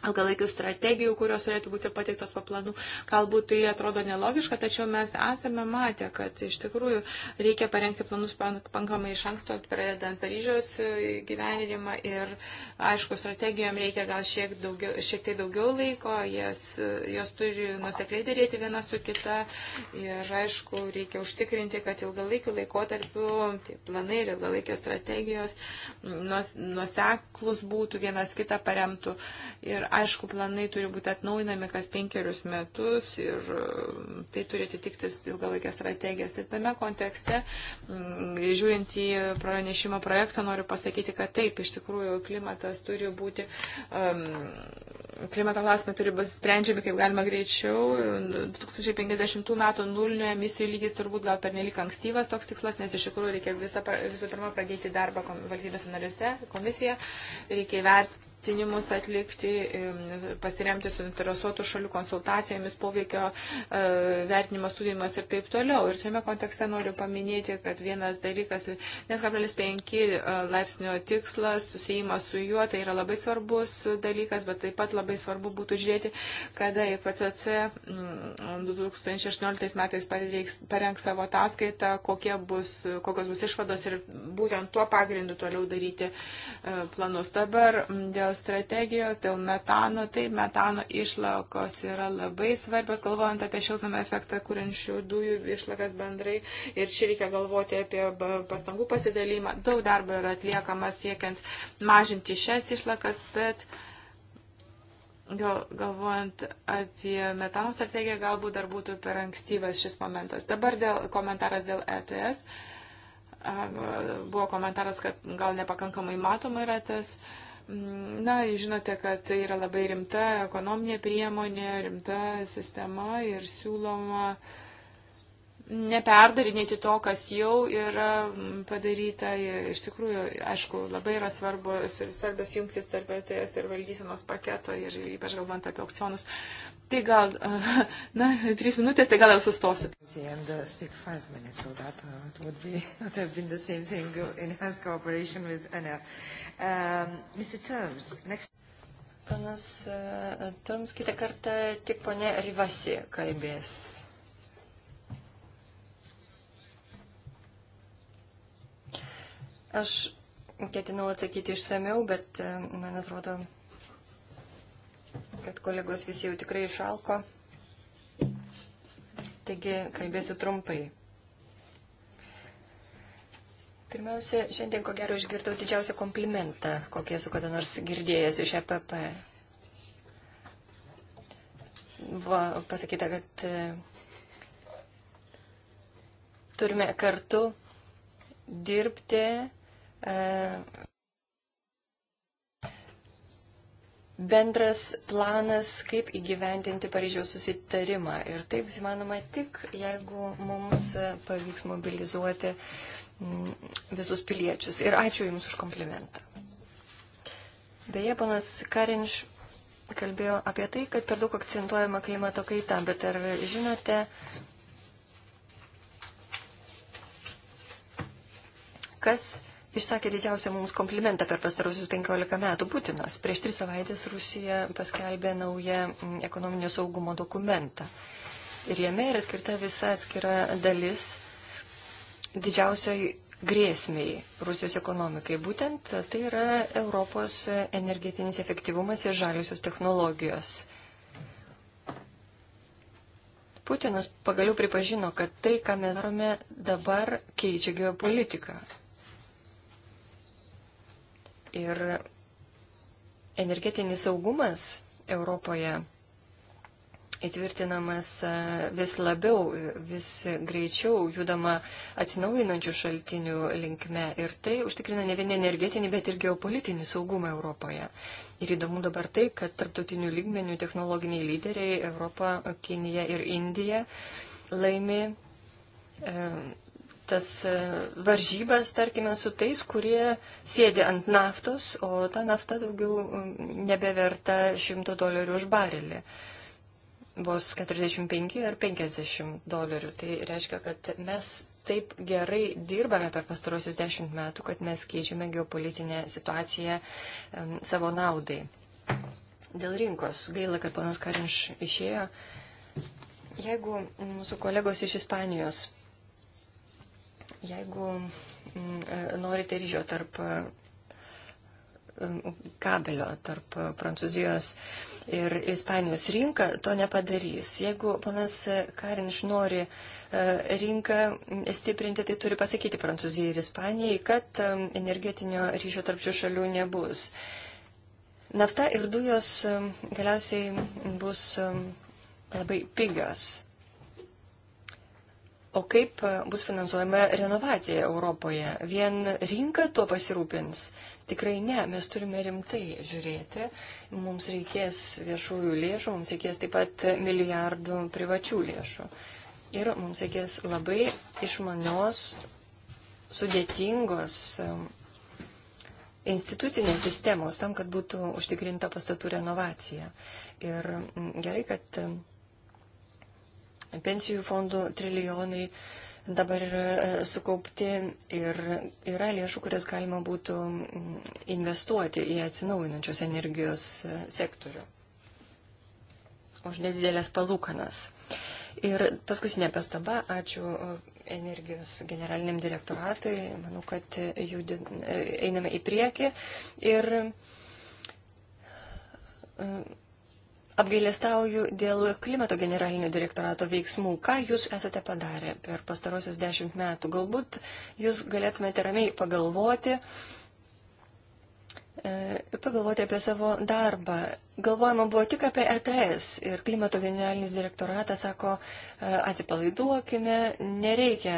ilgalaikių strategijų, kurios turėtų būti pateiktos po planų. Galbūt tai atrodo nelogiška, tačiau mes esame matę, kad iš tikrųjų reikia parengti planus pankamai iš anksto, pradedant Paryžiaus e, gyvenimą ir, aišku, strategijom reikia gal šiek, daugiau, šiek tai daugiau laiko, jas, e, jos turi nusekliai dėrėti viena su kita ir, aišku, reikia užtikrinti, kad ilgalaikiu laikotarpiu tai planai ir ilgalaikės strategijos nuoseklus būtų, vienas kitą paremtų. Ir Aišku, planai turi būti atnaujinami kas penkerius metus ir um, tai turi atitiktis ilgalaikės strategijas. Ir tame kontekste, mm, žiūrint į pranešimo projektą, noriu pasakyti, kad taip, iš tikrųjų, klimatas turi būti. Um, klimato klausimai turi būti sprendžiami kaip galima greičiau. 2050 metų nulinio emisijų lygis turbūt gal pernelik ankstyvas toks tikslas, nes iš tikrųjų reikia visą, visų pirma pradėti darbą valstybės analise, komisija, reikia vertinti vertinimus atlikti, pasiremti suinteresuotų šalių konsultacijomis, poveikio e, vertinimo studijumas ir taip toliau. Ir šiame kontekste noriu paminėti, kad vienas dalykas, nes kablelis 5 e, laipsnio tikslas, susijimas su juo, tai yra labai svarbus dalykas, bet taip pat labai svarbu būtų žiūrėti, kada IPCC 2016 metais parengs savo ataskaitą, kokie bus, kokios bus išvados ir būtent tuo pagrindu toliau daryti e, planus. Dabar dėl strategijos, dėl metano. Taip, metano išlakos yra labai svarbios, galvojant apie šiltnamą efektą kūrenčių dujų išlakas bendrai. Ir čia reikia galvoti apie pastangų pasidalymą. Daug darbo yra atliekama siekiant mažinti šias išlakas, bet gal, galvojant apie metano strategiją, galbūt dar būtų per ankstyvas šis momentas. Dabar dėl, komentaras dėl ETS. Buvo komentaras, kad gal nepakankamai matoma yra tas. Uh, Na, žinote, kad tai yra labai rimta ekonominė priemonė, rimta sistema ir siūloma neperdarinėti to, kas jau yra padaryta. Iš tikrųjų, aišku, labai yra svarbus ir svarbios jungtis tarp ETS ir valdysenos paketo ir ypač galvant apie aukcionus. Tai gal, na, trys minutės, tai gal jau sustosiu. Uh, minutes, so that, uh, be, thing, um, next... Panas uh, Turms kitą kartą tik ponė Rivasi kalbės. Aš ketinau atsakyti išsameu, bet uh, man atrodo, kad kolegos visi jau tikrai išalko. Taigi kalbėsiu trumpai. Pirmiausia, šiandien ko gero išgirdau didžiausią komplimentą, kokį esu kada nors girdėjęs iš EPP. Buvo pasakyta, kad e, turime kartu dirbti e, bendras planas, kaip įgyvendinti Paryžiaus susitarimą. Ir tai bus įmanoma tik, jeigu mums pavyks mobilizuoti mm, visus piliečius. Ir ačiū Jums už komplimentą. Beje, panas Karinš kalbėjo apie tai, kad per daug akcentuojama klimato kaita, bet ar žinote, kas išsakė didžiausią mums komplimentą per pastarosius 15 metų Putinas. Prieš tris savaitės Rusija paskelbė naują ekonominio saugumo dokumentą. Ir jame yra skirta visa atskira dalis didžiausiai grėsmiai Rusijos ekonomikai. Būtent tai yra Europos energetinis efektyvumas ir žaliosios technologijos. Putinas pagaliau pripažino, kad tai, ką mes darome dabar, keičia geopolitiką. Ir energetinis saugumas Europoje įtvirtinamas e, vis labiau, vis greičiau judama atsinaujinančių šaltinių linkme. Ir tai užtikrina ne vien energetinį, bet ir geopolitinį saugumą Europoje. Ir įdomu dabar tai, kad tarptautinių lygmenių technologiniai lyderiai Europą, Kinija ir Indija laimi. E, tas e, varžybas, tarkime, su tais, kurie sėdi ant naftos, o ta nafta daugiau mm, nebeverta 100 dolerių už barelį. Vos 45 ar 50 dolerių. Tai reiškia, kad mes taip gerai dirbame per pastarosius dešimt metų, kad mes keičiame geopolitinę situaciją savo naudai. Dėl rinkos. Gaila, kad panas Karinš išėjo. Jeigu mūsų kolegos iš Ispanijos Jeigu mm, e, norite ryšio tarp e, kabelio tarp Prancūzijos ir Ispanijos rinka to nepadarys. Jeigu panas Karinš nori e, rinką stiprinti, tai turi pasakyti Prancūzijai ir Ispanijai, kad energetinio ryšio tarp šių šalių nebus. Nafta ir dujos galiausiai bus labai pigios. O kaip e, bus finansuojama renovacija Europoje? Vien rinka tuo pasirūpins? Tikrai ne, mes turime rimtai žiūrėti. Mums reikės viešųjų lėšų, mums reikės taip pat milijardų privačių lėšų. Ir mums reikės labai išmanios, sudėtingos e, institucinės sistemos tam, kad būtų užtikrinta pastatų renovacija. Ir gerai, kad pensijų fondų trilijonai dabar yra e, sukaupti ir yra lėšų, kurias galima būtų investuoti į atsinaujinančios energijos e, sektorių už nedidelės palūkanas. Ir paskutinė pastaba, ačiū e, energijos generaliniam direktoratui, manau, kad judin, einame į priekį. Ir Apgailestauju dėl klimato generalinio direktorato veiksmų. Ką jūs esate padarę per pastarosius dešimt metų? Galbūt jūs galėtumėte ramiai pagalvoti, uh, E, pagalvoti apie savo darbą. Galvojama buvo tik apie ETS ir klimato generalinis direktoratas sako, e, atsipalaiduokime, nereikia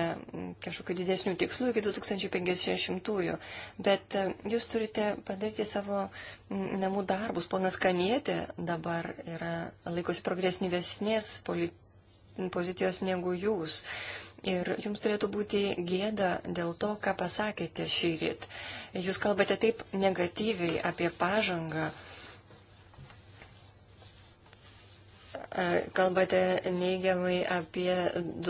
kažkokių didesnių tikslų iki 2050-ųjų, bet e, jūs turite padaryti savo namų darbus. Ponas Kanietė dabar yra laikosi progresyvesnės pozicijos negu jūs. Uh, Ir jums turėtų būti gėda dėl to, ką pasakėte šį ryt. Jūs kalbate taip negatyviai apie pažangą. E, kalbate neigiamai apie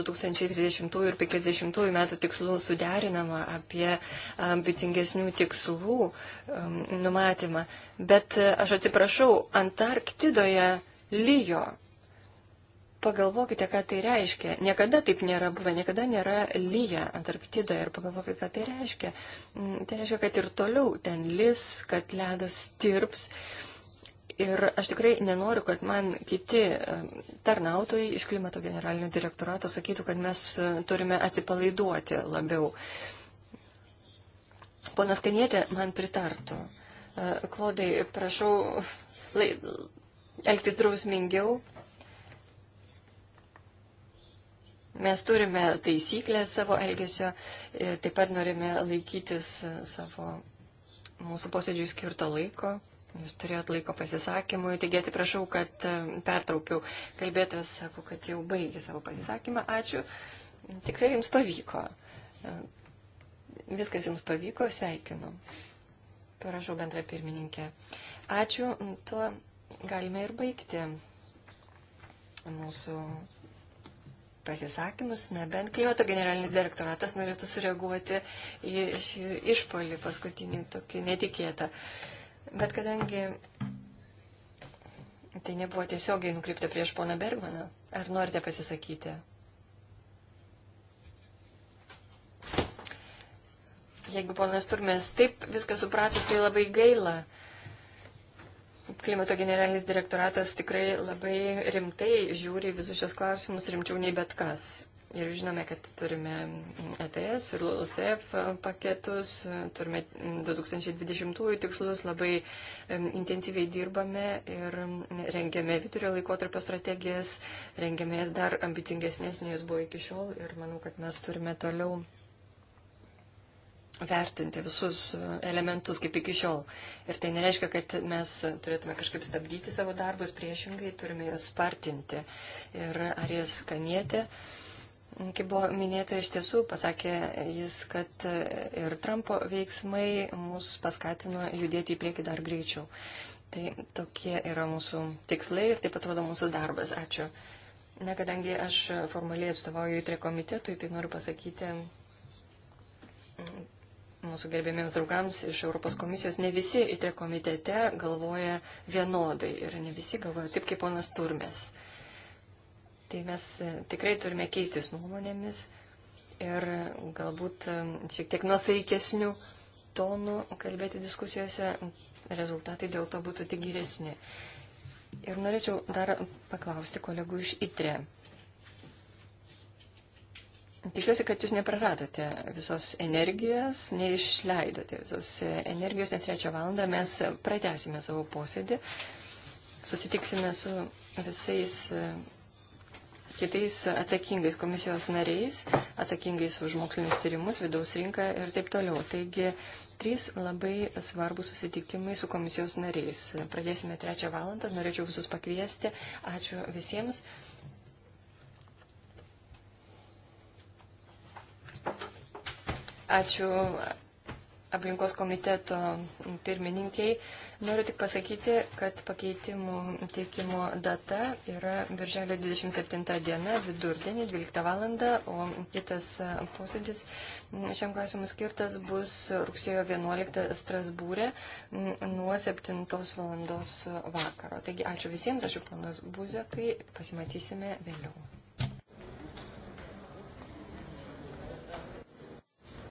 2030 ir 50 metų tikslų suderinamą, apie ambicingesnių tikslų um, numatymą. Bet e, aš atsiprašau, Antarktidoje lyjo pagalvokite, ką tai reiškia. Niekada taip nėra buvę, niekada nėra lyja Antarktidoje ir pagalvokite, ką tai reiškia. Mm, tai reiškia, kad ir toliau ten lis, kad ledas tirps. Ir aš tikrai nenoriu, kad man kiti tarnautojai iš klimato generalinio direktorato sakytų, kad mes e, turime atsipalaiduoti labiau. Ponas Kanietė man pritartų. E, Klodai, prašau lai, elgtis drausmingiau Mes turime taisyklę savo elgesio, e, taip pat norime laikytis e, savo mūsų posėdžių skirto laiko. Jūs turėjot laiko pasisakymui, taigi atsiprašau, kad e, pertraukiau. Kalbėtas sako, kad jau baigė savo pasisakymą. Ačiū. Tikrai jums pavyko. Viskas jums pavyko, sveikinu. Parašau bendrą pirmininkę. Ačiū. Tuo galime ir baigti mūsų pasisakymus, nebent klimato generalinis direktoratas norėtų sureaguoti į šį išpolį paskutinį tokį netikėtą. Bet kadangi tai nebuvo tiesiogiai nukreipta prieš poną Bergmaną, ar norite pasisakyti? Jeigu ponas Turmės taip viską suprato, tai labai gaila. Uh, klimato generalinis direktoratas tikrai labai rimtai žiūri visus šios klausimus, rimčiau nei bet kas. Ir žinome, kad turime ETS ir LULCF paketus, turime 2020 tikslus, labai intensyviai dirbame ir rengiame vidurio laikotarpio strategijas, rengiamės dar ambicingesnės, nei jis buvo iki šiol ir manau, kad mes turime toliau vertinti visus e, elementus kaip iki šiol. Ir tai nereiškia, kad mes turėtume kažkaip stabdyti savo darbus, priešingai turime juos spartinti. Ir ar jis kanėti, kaip buvo minėta, iš tiesų pasakė jis, kad ir Trumpo veiksmai mus paskatino judėti į priekį dar greičiau. Tai tokie yra mūsų tikslai ir taip atrodo mūsų darbas. Ačiū. Na, kadangi aš formaliai atstovauju į tri komitetui, tai noriu pasakyti mūsų gerbėmiems draugams iš Europos komisijos, ne visi įtre komitete galvoja vienodai ir ne visi galvoja taip kaip ponas Turmės. Tai mes e, tikrai turime keistis nuomonėmis ir galbūt e, šiek tiek nusaikesnių tonų kalbėti diskusijose, rezultatai dėl to būtų tik geresni. Ir norėčiau dar paklausti kolegų iš ITRE. Tikiuosi, kad jūs nepraradote visos energijos, neišleidote visos energijos, nes trečią valandą mes pratęsime savo posėdį, susitiksime su visais e, kitais atsakingais komisijos nariais, atsakingais už mokslinius tyrimus, vidaus rinką ir taip toliau. Taigi, trys labai svarbus susitikimai su komisijos nariais. Pradėsime trečią valandą, norėčiau visus pakviesti. Ačiū visiems. Ačiū aplinkos komiteto pirmininkiai. Noriu tik pasakyti, kad pakeitimų teikimo data yra birželio 27 diena, vidurdienį, 12 val. O kitas posėdis šiam klausimui skirtas bus rugsėjo 11 Strasbūrė nuo 7 val. vakaro. Taigi ačiū visiems, ačiū planas Buzekai, pasimatysime vėliau.